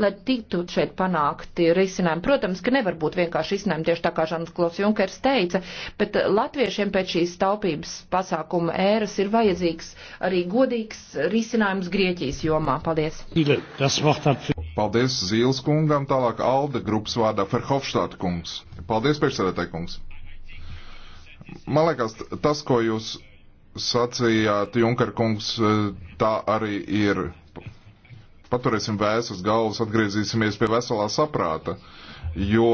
lai tiktu šeit panākti risinājumi. Protams, ka nevar būt vienkārši risinājumi tieši tā kā Žants Klaus Junkers teica, bet latviešiem pēc šīs taupības pasākuma ēras ir vajadzīgs arī godīgs risinājums Grieķijas jomā. Paldies! Paldies Zīles kungam, tālāk Alde grupas vārdā Ferhofštāta kungs. Paldies, priekšsēdētāji kungs! Man liekas, tas, ko jūs sacījāt, Junker kungs, tā arī ir paturēsim vēsus galvas, atgriezīsimies pie veselā saprāta, jo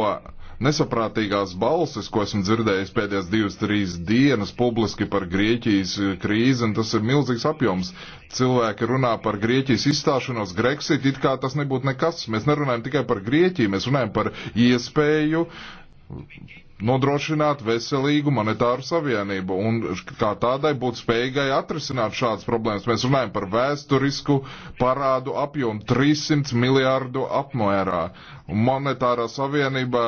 nesaprātīgās balsis, ko esmu dzirdējis pēdējās divas, trīs dienas publiski par Grieķijas eh, krīzi, un tas ir milzīgs apjoms. Cilvēki runā par Grieķijas izstāšanos Grexit, it kā tas nebūtu nekas. Mēs nerunājam tikai par Grieķiju, mēs runājam par iespēju nodrošināt veselīgu monetāru savienību un kā tādai būtu spējīgai atrisināt šādas problēmas. Mēs runājam par vēsturisku parādu apjomu 300 miljārdu apmērā. Monetārā savienība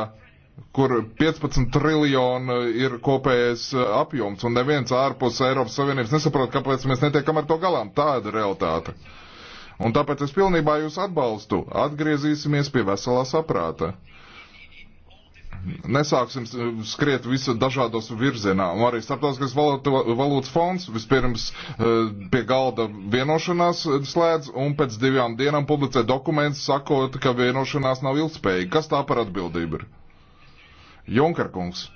kur 15 triljonu ir kopējais e, apjoms, un neviens ārpus Eiropas Savienības nesaprot, kāpēc mēs netiekam ar to galām. Tāda ir realitāte. Un tāpēc es pilnībā jūs atbalstu. Atgriezīsimies pie veselā saprāta nesāksim skriet visu dažādos virzienā. Un arī starptautiskais valūtas fonds vispirms e, pie galda vienošanās slēdz un pēc divām dienām publicē dokumentus sakot, ka vienošanās nav ilgspējīga. Kas tā par atbildību ir? Junkerkungs.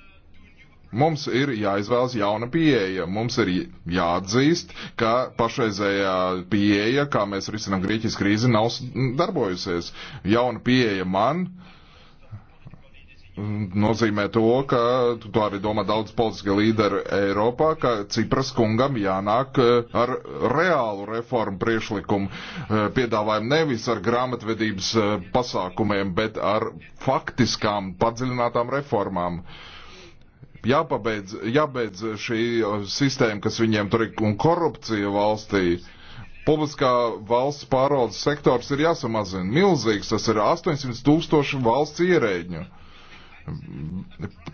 Mums ir jāizvēlas jauna pieeja. Mums ir jāatzīst, ka pašreizējā pieeja, kā mēs risinām Grieķijas krīzi, nav darbojusies. Jauna pieeja man uh, nozīmē to, ka to arī domā daudz politiskie līderi Eiropā, ka Cipras kungam jānāk eh, ar reālu reformu priešlikumu eh, piedāvājumu nevis ar grāmatvedības eh, pasākumiem, bet ar faktiskām padziļinātām reformām. Jāpabeidz, jābeidz šī sistēma, kas viņiem tur ir, un korupcija valstī publiskā valsts pārvaldes sektors ir jāsamazina. Milzīgs tas ir 800 tūkstoši valsts ierēģņu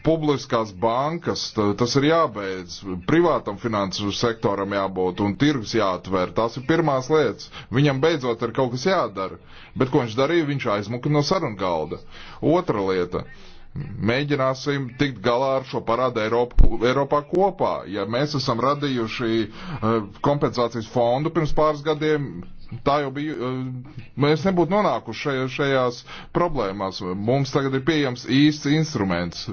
publiskās bankas, tas ir jābeidz, privātam finansu sektoram jābūt un tirgus jāatver. Tās ir pirmās lietas. Viņam beidzot ir kaut kas jādara. Bet ko viņš darīja? Viņš aizmuka no sarunu galda. Otra lieta. Mēģināsim tikt galā ar šo parādu Eiropu, Eiropā kopā. Ja mēs esam radījuši eh, kompensācijas fondu pirms pāris gadiem, tā jau bija, eh, mēs nebūtu nonākuši šajā, šajās problēmās. Mums tagad ir pieejams īsts instruments.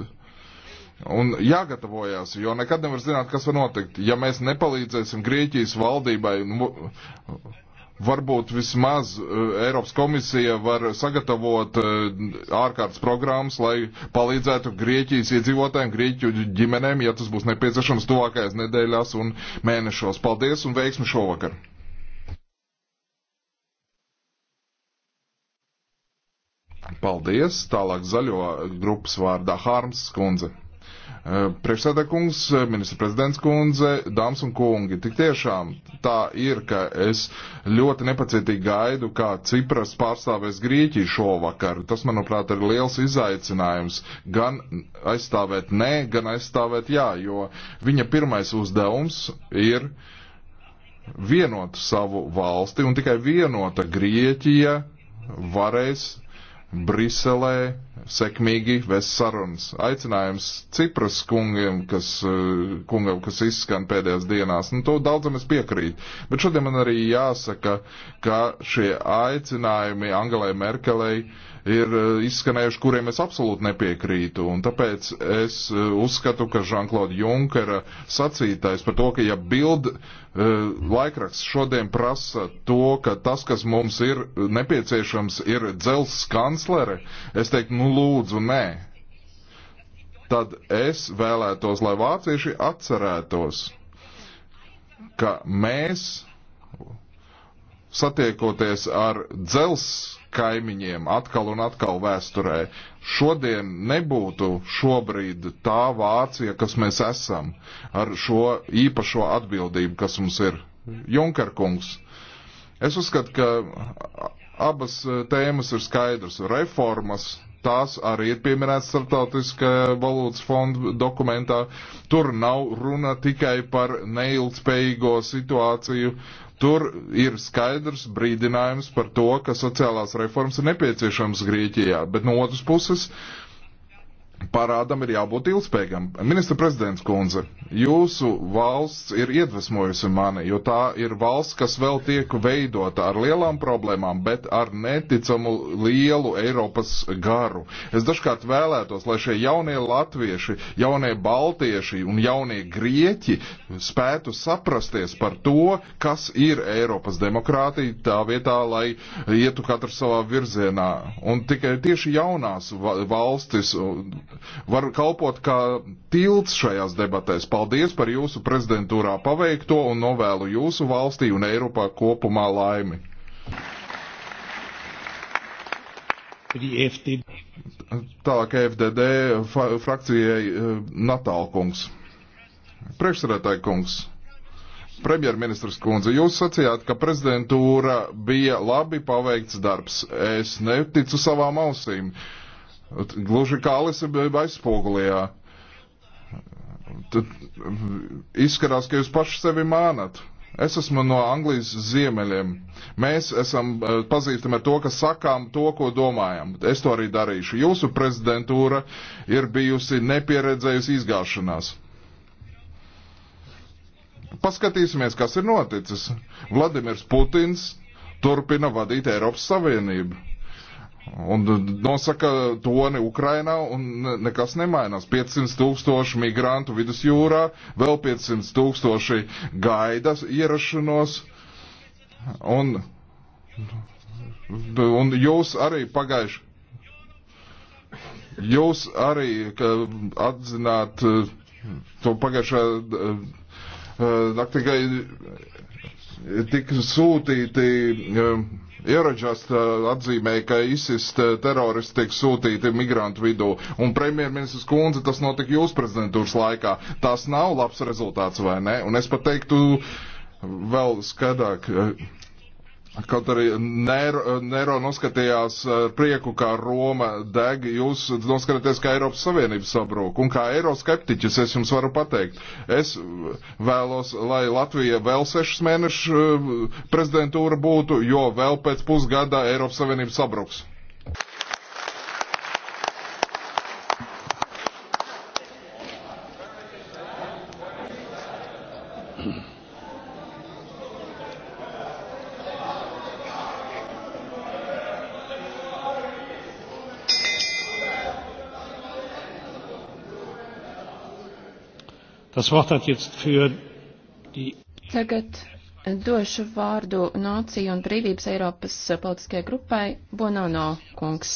Un jāgatavojās, jo nekad nevar zināt, kas var notikt. Ja mēs nepalīdzēsim Grieķijas valdībai, nu, varbūt vismaz eh, Eiropas komisija var sagatavot eh, ārkārtas programmas, lai palīdzētu Grieķijas iedzīvotājiem, Grieķu ģimenēm, ja tas būs nepieciešams tuvākajās nedēļās un mēnešos. Paldies un veiksmi šovakar! Paldies. Tālāk zaļo grupas vārdā Hārms Skundze. Priekšsēdē kungs, ministra prezidents kundze, dāmas un kungi, tik tiešām tā ir, ka es ļoti nepacietīgi gaidu, kā Cipras pārstāvēs Grieķiju šovakar. Tas, manuprāt, ir liels izaicinājums gan aizstāvēt nē, gan aizstāvēt jā, jo viņa pirmais uzdevums ir vienot savu valsti, un tikai vienota Grieķija varēs Briselē sekmīgi ves sarunas. Aicinājums Cipras kungiem, kas, eh, kungam, kas izskan pēdējās dienās, nu to daudzam es piekrītu. Bet šodien man arī jāsaka, ka šie aicinājumi Angelai Merkelei uh, ir e, izskanējuši, kuriem es absolūti nepiekrītu. Un tāpēc es e, uzskatu, ka Žanklauda Junkera sacītais par to, ka ja bild e, laikraksts šodien prasa to, ka tas, kas mums ir nepieciešams, ir dzels kanclere, es teiktu, nu lūdzu, nē. Tad es vēlētos, lai vācieši atcerētos, ka mēs satiekoties ar dzels kaimiņiem atkal un atkal vēsturē. Šodien nebūtu šobrīd tā Vācija, kas mēs esam, ar šo īpašo atbildību, kas mums ir. Junkerkungs. Es uzskatu, ka abas eh, tēmas ir skaidrs. Reformas, tās arī ir pieminētas starptautiskā valūtas fonda dokumentā. Tur nav runa tikai par neilgspējīgo situāciju Tur ir skaidrs brīdinājums par to, ka sociālās reformas ir nepieciešams Grieķijā, bet no otras puses parādam ir jābūt ilgspējīgam. Ministra prezidents kundze, jūsu valsts ir iedvesmojusi mani, jo tā ir valsts, kas vēl tiek veidota ar lielām problēmām, bet ar neticamu lielu Eiropas garu. Es dažkārt vēlētos, lai šie jaunie latvieši, jaunie baltieši un jaunie grieķi spētu saprasties par to, kas ir Eiropas demokrātija, tā vietā, lai ietu katrs savā virzienā. Un tikai tieši jaunās valstis var kalpot kā tilts šajās debatēs. Paldies par jūsu prezidentūrā paveikto un novēlu jūsu valstī un Eiropā kopumā laimi. Tālāk FDD frakcijai eh, Natālkungs. Priekšsarētāji kungs, premjerministrs kundze, jūs sacījāt, ka prezidentūra bija labi paveikts darbs. Es neticu savām ausīm. Uh, Gluži kā Alise aizspogulījā. Tad um, izskatās, ka jūs paši sevi mānat. Es esmu no Anglijas ziemeļiem. Mēs esam uh, pazīstami ar to, ka sakām to, ko domājam. Es to arī darīšu. Jūsu prezidentūra ir bijusi nepieredzējusi izgāšanās. Paskatīsimies, kas ir noticis. Vladimirs Putins turpina vadīt Eiropas Savienību Un nosaka toni Ukrainā, un nekas nemainās. 500 tūkstoši migrantu vidusjūrā, vēl 500 tūkstoši gaida ierašanos. Un, un jūs arī pagājuši. Jūs arī atzināt eh, to pagājušā eh, eh, naktī, ka tika sūtīti. Ieroģast atzīmēja, ka ISIS teroristi tiek sūtīti migrantu vidū, un premjerministrs Kunze tas notika jūsu prezidentūras laikā. Tas nav labs rezultāts, vai ne? Un es pat teiktu vēl skatāk, Kaut arī Nero, Nero noskatījās eh, prieku, kā Roma deg, jūs noskatāties, kā Eiropas Savienība sabrūk. Un kā eiroskeptiķis es jums varu pateikt, es vēlos, lai Latvija vēl sešas mēnešu eh, prezidentūra būtu, jo vēl pēc pusgada Eiropas Savienība sabruks. Das Wort hat jetzt für die. Tagad došu vārdu Nācija un brīvības Eiropas politiskajai grupai Bonano kungs.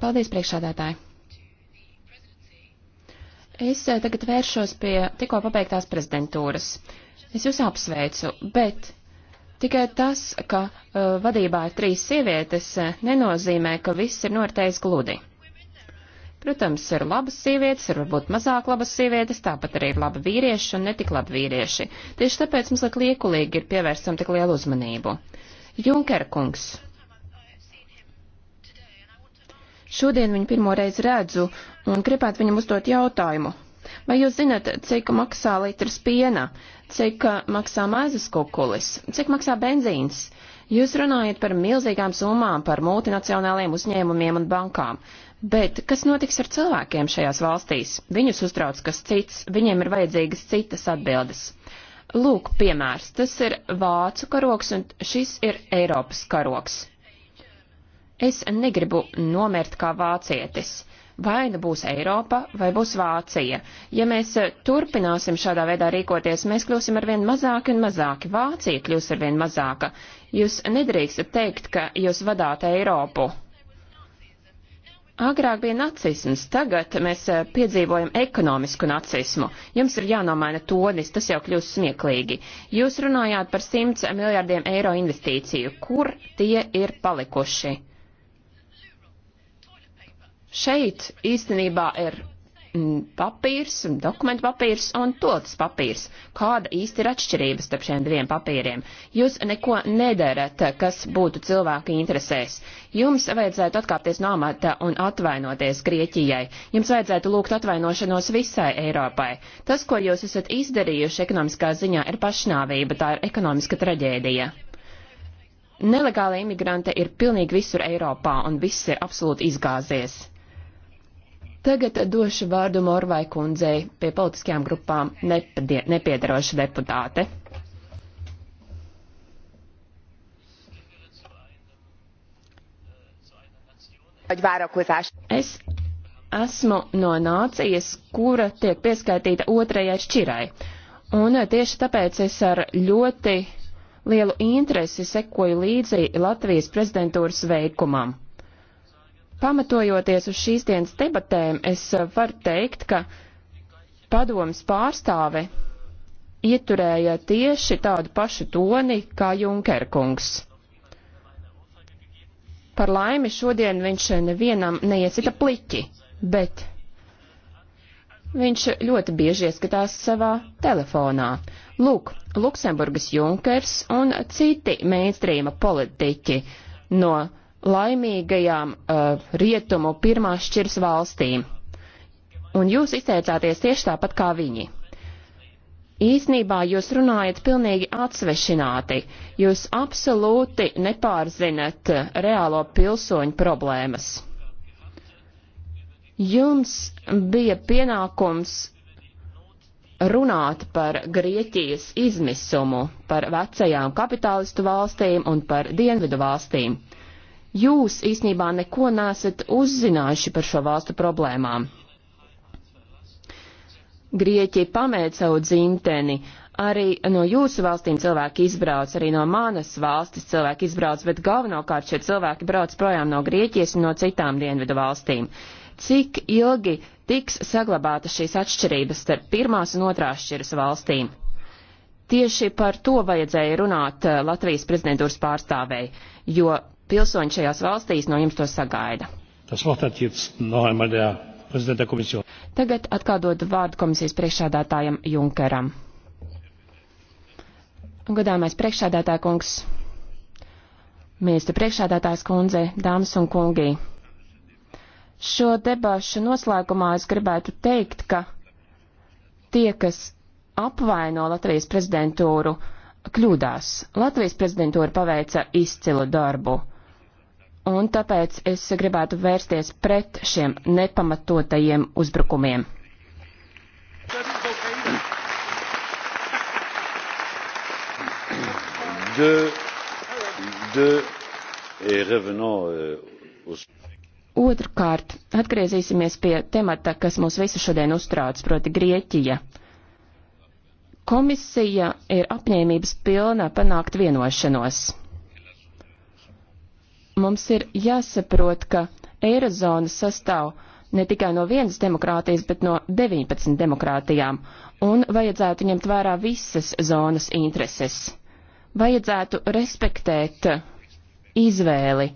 Paldies, priekšādātāji! Es eh, tagad vēršos pie tikko pabeigtās prezidentūras. Es jūs apsveicu, bet tikai tas, ka uh, vadībā ir trīs sievietes, eh, nenozīmē, ka viss ir noritējis gludi. Protams, ir labas sievietes, ir varbūt mazāk labas sievietes, tāpat arī ir labi vīrieši un netik labi vīrieši. Tieši tāpēc mums liek liekulīgi ir pievērstam tik lielu uzmanību. Junker kungs. Šodien viņu pirmo reizi redzu un gribētu viņam uzdot jautājumu. Vai jūs zinat, cik maksā litrs piena, cik maksā maizes kukulis, cik maksā benzīns? Jūs runājat par milzīgām summām, par multinacionāliem uzņēmumiem un bankām. Bet kas notiks ar cilvēkiem šajās valstīs? Viņus uztrauc kas cits, viņiem ir vajadzīgas citas atbildes. Lūk, piemērs, tas ir vācu karoks un šis ir Eiropas karoks. Es negribu nomirt kā vācietis. Vai nu būs Eiropa, vai būs Vācija. Ja mēs eh, turpināsim šādā veidā rīkoties, mēs kļūsim arvien mazāki un mazāki. Vācija kļūs arvien mazāka. Jūs nedrīkstat teikt, ka jūs vadāt Eiropu. Agrāk bija nacisms, tagad mēs eh, piedzīvojam ekonomisku nacismu. Jums ir jānomaina tonis, tas jau kļūst smieklīgi. Jūs runājāt par 100 miljārdiem eiro investīciju. Kur tie ir palikuši? Šeit īstenībā ir Mm, papīrs, mm, dokumentu papīrs un tilts papīrs. Kāda īsti ir atšķirība starp šiem diviem papīriem? Jūs neko nedarat, kas būtu cilvēku interesēs. Jums vajadzētu atkāpties no amata un atvainoties Grieķijai. Jums vajadzētu lūgt atvainošanos visai Eiropai. Tas, ko jūs esat izdarījuši ekonomiskā ziņā, ir pašnāvība, tā ir ekonomiska traģēdija. Nelegāli imigranti ir pilnīgi visur Eiropā un viss ir absolūti izgāzies. Tagad došu vārdu Morvai kundzei pie politiskajām grupām nepiedaroša deputāte. Es esmu no nācijas, kura tiek pieskaitīta otrajai šķirai. Un tieši tāpēc es ar ļoti lielu interesi sekoju līdzi Latvijas prezidentūras veikumam. Pamatojoties uz šīs dienas debatēm, es eh, varu teikt, ka padomas pārstāve ieturēja tieši tādu pašu toni kā Junkerkungs. Par laimi šodien viņš nevienam neiesita pliķi, bet viņš ļoti bieži ieskatās savā telefonā. Lūk, Luksemburgas Junkers un citi mainstreama politiķi no laimīgajām uh, rietumu pirmās šķirs valstīm. Un jūs izteicāties tieši tāpat kā viņi. Īsnībā jūs runājat pilnīgi atsvešināti, jūs absolūti nepārzinat eh, reālo pilsoņu problēmas. Jums bija pienākums runāt par Grieķijas izmisumu, par vecajām kapitālistu valstīm un par dienvidu valstīm jūs īsnībā neko nesat uzzinājuši par šo valstu problēmām. Grieķi pamēt savu dzimteni, arī no jūsu valstīm cilvēki izbrauc, arī no manas valstis cilvēki izbrauc, bet galvenokārt šie cilvēki brauc projām no Grieķijas un no citām dienvidu valstīm. Cik ilgi tiks saglabāta šīs atšķirības starp pirmās un otrās šķiras valstīm? Tieši par to vajadzēja runāt eh, Latvijas prezidentūras pārstāvēji, jo pilsoņi šajās valstīs no jums to sagaida. Tagad atkal dod vārdu komisijas priekšsādātājam Junkeram. Godāmais priekšsādātāja kungs, ministra priekšsādātājs kundze, dāmas un kungi. Šo debašu noslēgumā es gribētu teikt, ka tie, kas apvaino Latvijas prezidentūru, kļūdās. Latvijas prezidentūra paveica izcilu darbu un tāpēc es gribētu vērsties pret šiem nepamatotajiem uzbrukumiem. De, de, uz... Euh, Otrkārt, atgriezīsimies pie temata, kas mūs visu šodien uztrauc, proti Grieķija. Komisija ir apņēmības pilna panākt vienošanos Mums ir jāsaprot, ka Eirozona sastāv ne tikai no vienas demokrātijas, bet no 19 demokrātijām, un vajadzētu ņemt vērā visas zonas intereses. Vajadzētu respektēt izvēli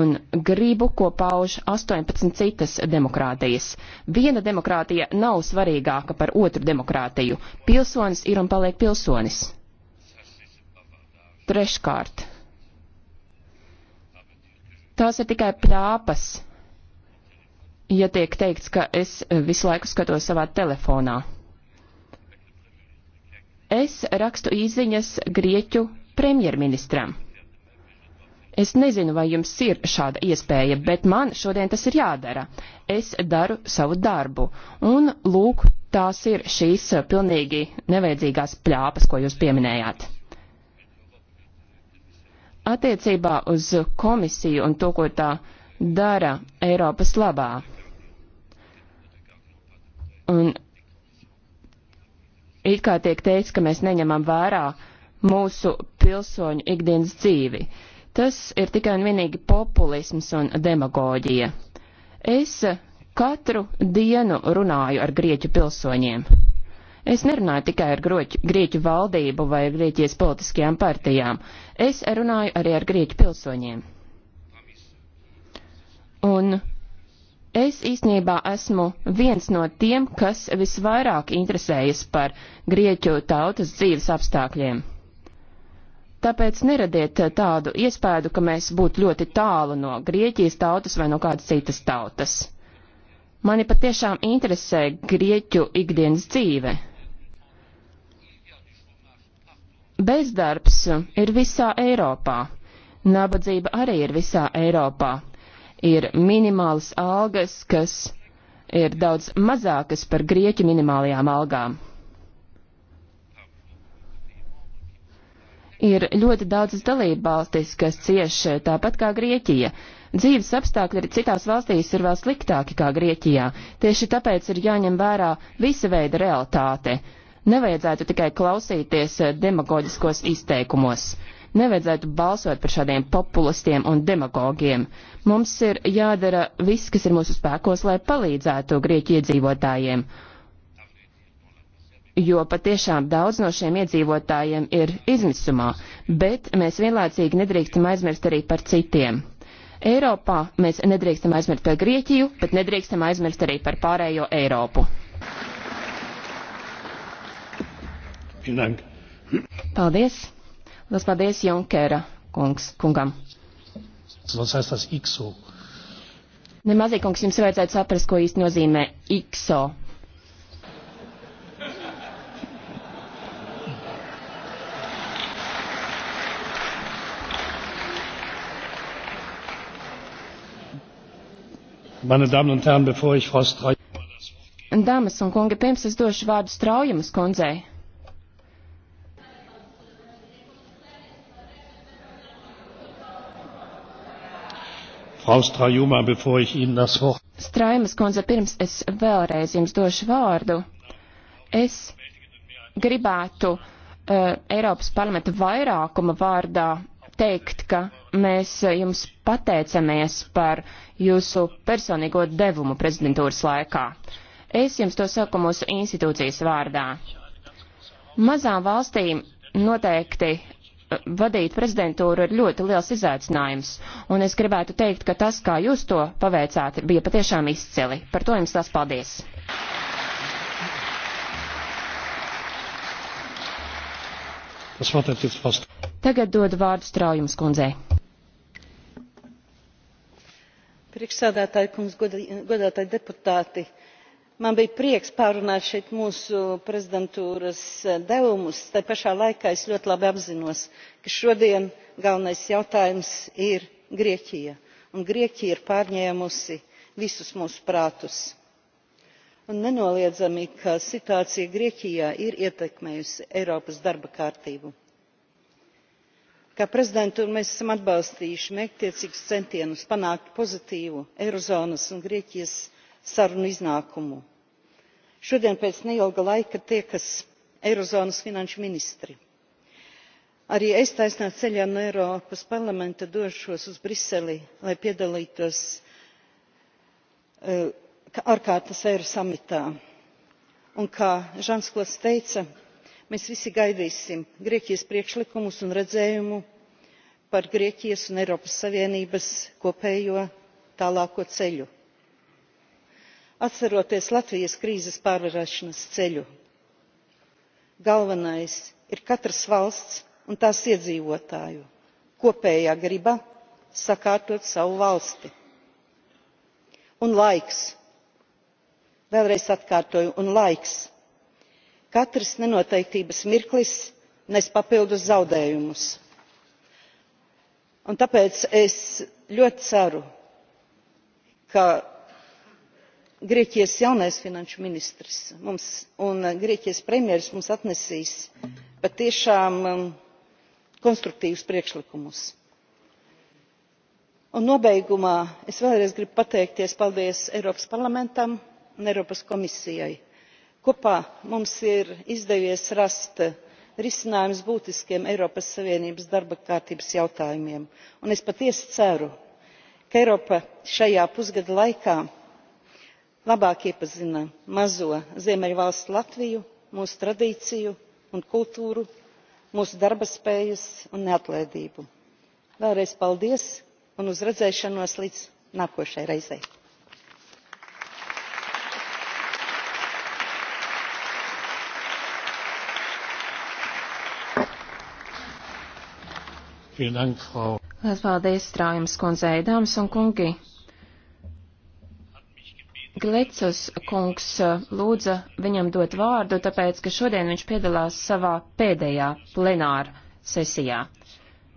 un gribu, ko pauž 18 citas demokrātijas. Viena demokrātija nav svarīgāka par otru demokrātiju. Pilsonis ir un paliek pilsonis. Treškārt Tās ir tikai plāpas, ja tiek teikts, ka es eh, visu laiku skatos savā telefonā. Es rakstu īziņas Grieķu premjerministram. Es nezinu, vai jums ir šāda iespēja, bet man šodien tas ir jādara. Es daru savu darbu. Un lūk, tās ir šīs eh, pilnīgi nevajadzīgās pļāpas, ko jūs pieminējāt attiecībā uz komisiju un to, ko tā dara Eiropas labā. Un it kā tiek teikts, ka mēs neņemam vērā mūsu pilsoņu ikdienas dzīvi. Tas ir tikai un vienīgi populisms un demagoģija. Es katru dienu runāju ar grieķu pilsoņiem. Es nerunāju tikai ar groķu, Grieķu valdību vai Grieķijas politiskajām partijām. Es runāju arī ar Grieķu pilsoņiem. Un es īstenībā esmu viens no tiem, kas visvairāk interesējas par Grieķu tautas dzīves apstākļiem. Tāpēc neradiet tādu iespēju, ka mēs būtu ļoti tālu no Grieķijas tautas vai no kādas citas tautas. Mani patiešām interesē Grieķu ikdienas dzīve. Bezdarbs ir visā Eiropā. Nabadzība arī ir visā Eiropā. Ir minimālas algas, kas ir daudz mazākas par grieķu minimālajām algām. Ir ļoti daudzas dalība valstis, kas cieši tāpat kā Grieķija. Dzīves apstākļi arī citās valstīs ir vēl sliktāki kā Grieķijā. Tieši tāpēc ir jāņem vērā visa veida realitāte Nevajadzētu tikai klausīties eh, demagoģiskos izteikumos. Nevajadzētu balsot par šādiem populistiem un demagogiem. Mums ir jādara viss, kas ir mūsu spēkos, lai palīdzētu grieķu iedzīvotājiem. Jo patiešām daudz no šiem iedzīvotājiem ir izmisumā, bet mēs vienlaicīgi nedrīkstam aizmirst arī par citiem. Eiropā mēs nedrīkstam aizmirst par Grieķiju, bet nedrīkstam aizmirst arī par pārējo Eiropu. Paldies! Lielas paldies Junkera kungs, kungam! Nemazī, kungs, jums vajadzētu saprast, ko īsti nozīmē IKSO. Meine Damen und Herren, bevor ich Frau Straujamas. Dāmas un kungi, pirms es došu vārdu Straujamas kundzei, Austrajuma, bevor ich Ihnen das Wort. Straimas kundze, pirms es vēlreiz jums došu vārdu, es gribētu uh, Eiropas parlamenta vairākuma vārdā teikt, ka mēs eh, jums pateicamies par jūsu personīgo devumu prezidentūras laikā. Es jums to saku mūsu institūcijas vārdā. Mazām valstīm noteikti vadīt prezidentūru ir ļoti liels izaicinājums, un es gribētu teikt, ka tas, kā jūs to paveicāt, bija patiešām izcili. Par to jums tas paldies! Tagad dod vārdu straujums kundzei. Priekšsādātāji kungs, godātāji deputāti! man bija prieks pārunāt šeit mūsu prezidentūras devumus tai pašā laikā es ļoti labi apzinos ka šodien galvenais jautājums ir grieķija un grieķija ir pārņēmusi visus mūsu prātus. nenoliedzami ka situācija grieķijā ir ietekmējusi eiropas darba kārtību. kā prezidentūra mēs esam atbalstījuši mērķtiecīgus centienus panākt pozitīvu eirozonas un grieķijas sarunu iznākumu šodien pēc neilga laika tiekas eirozonas finanšu ministri. arī es taisnā ceļā no eiropas parlamenta došos uz briseli lai piedalītos eh, ārkārtas eiro samitā. un kā žans klods teica mēs visi gaidīsim grieķijas priekšlikumus un redzējumu par grieķijas un eiropas savienības kopējo tālāko ceļu atceroties latvijas krīzes pārvarēšanas ceļu galvenais ir katras valsts un tās iedzīvotāju kopējā griba sakārtot savu valsti un laiks vēlreiz atkārtoju un laiks katrs nenoteiktības mirklis nes papildus zaudējumus un tāpēc es ļoti ceru ka grieķijas jaunais finanšu ministrs mums, un eh, grieķijas premjeras mums atnesīs patiešām um, konstruktīvus priekšlikumus. Un nobeigumā es vēlreiz gribu pateikties paldies Eiropas parlamentam un Eiropas komisijai. Kopā mums ir izdevies rast risinājums būtiskiem Eiropas Savienības darba kārtības jautājumiem. Un es patiesi ceru, ka Eiropa šajā pusgada laikā labāk iepazina mazo ziemeļvalsti latviju mūsu tradīciju un kultūru mūsu darbaspējas un neatlēdību. vēlreiz paldies un uz redzēšanos līdz nākošai reizei! Liels paldies, Strājumas kundzei, dāmas un kungi! Glecus kungs uh, lūdza viņam dot vārdu, tāpēc, ka šodien viņš piedalās savā pēdējā plenāra sesijā.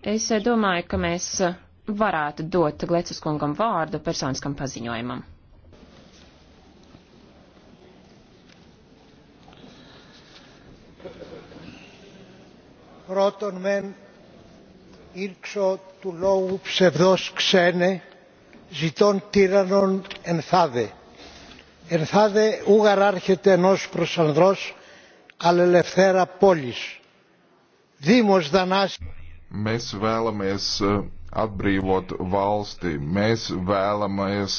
Es uh, domāju, ka mēs uh, varētu dot Glecus kungam vārdu personiskam paziņojumam. Πρώτον μεν ήρξω του λόγου ψευδός ξένε, ζητών τύραννων ενθάδε. Ερθάδε ούγαρ άρχεται ενός προσανδρός αλελευθέρα πόλης. Δήμος Δανάς. Mēs vēlamies atbrīvot valsti. Mēs vēlamies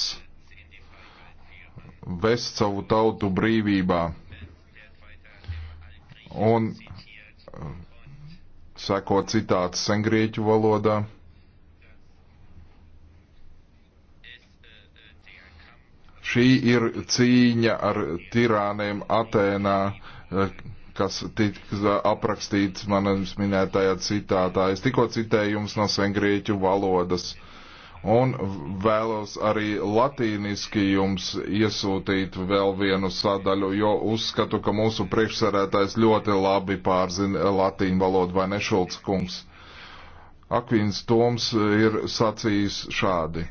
vest savu tautu brīvībā. Un e, seko citāts sengrieķu valodā. Šī ir cīņa ar tirāniem Atēnā, eh, kas tika aprakstīts manas minētajā citātā. Es tikko citēju jums no sengrieķu valodas. Un vēlos arī latīniski jums iesūtīt vēl vienu sadaļu, jo uzskatu, ka mūsu priekšsarētājs ļoti labi pārzina latīņu valodu, vai ne, Šulc kungs? Akvīns Toms ir sacījis šādi.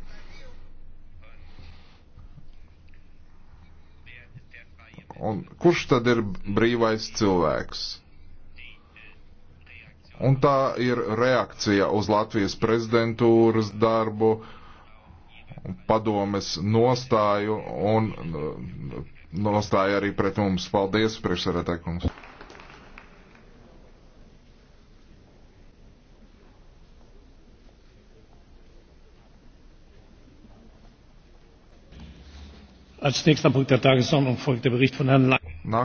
Un kurš tad ir brīvais cilvēks? Un tā ir reakcija uz Latvijas prezidentūras darbu, padomes nostāju un nostāju arī pret mums. Paldies, priekšsēdētāj kungs! Als nächster Punkt der Tagesordnung folgt der Bericht von Herrn Lang.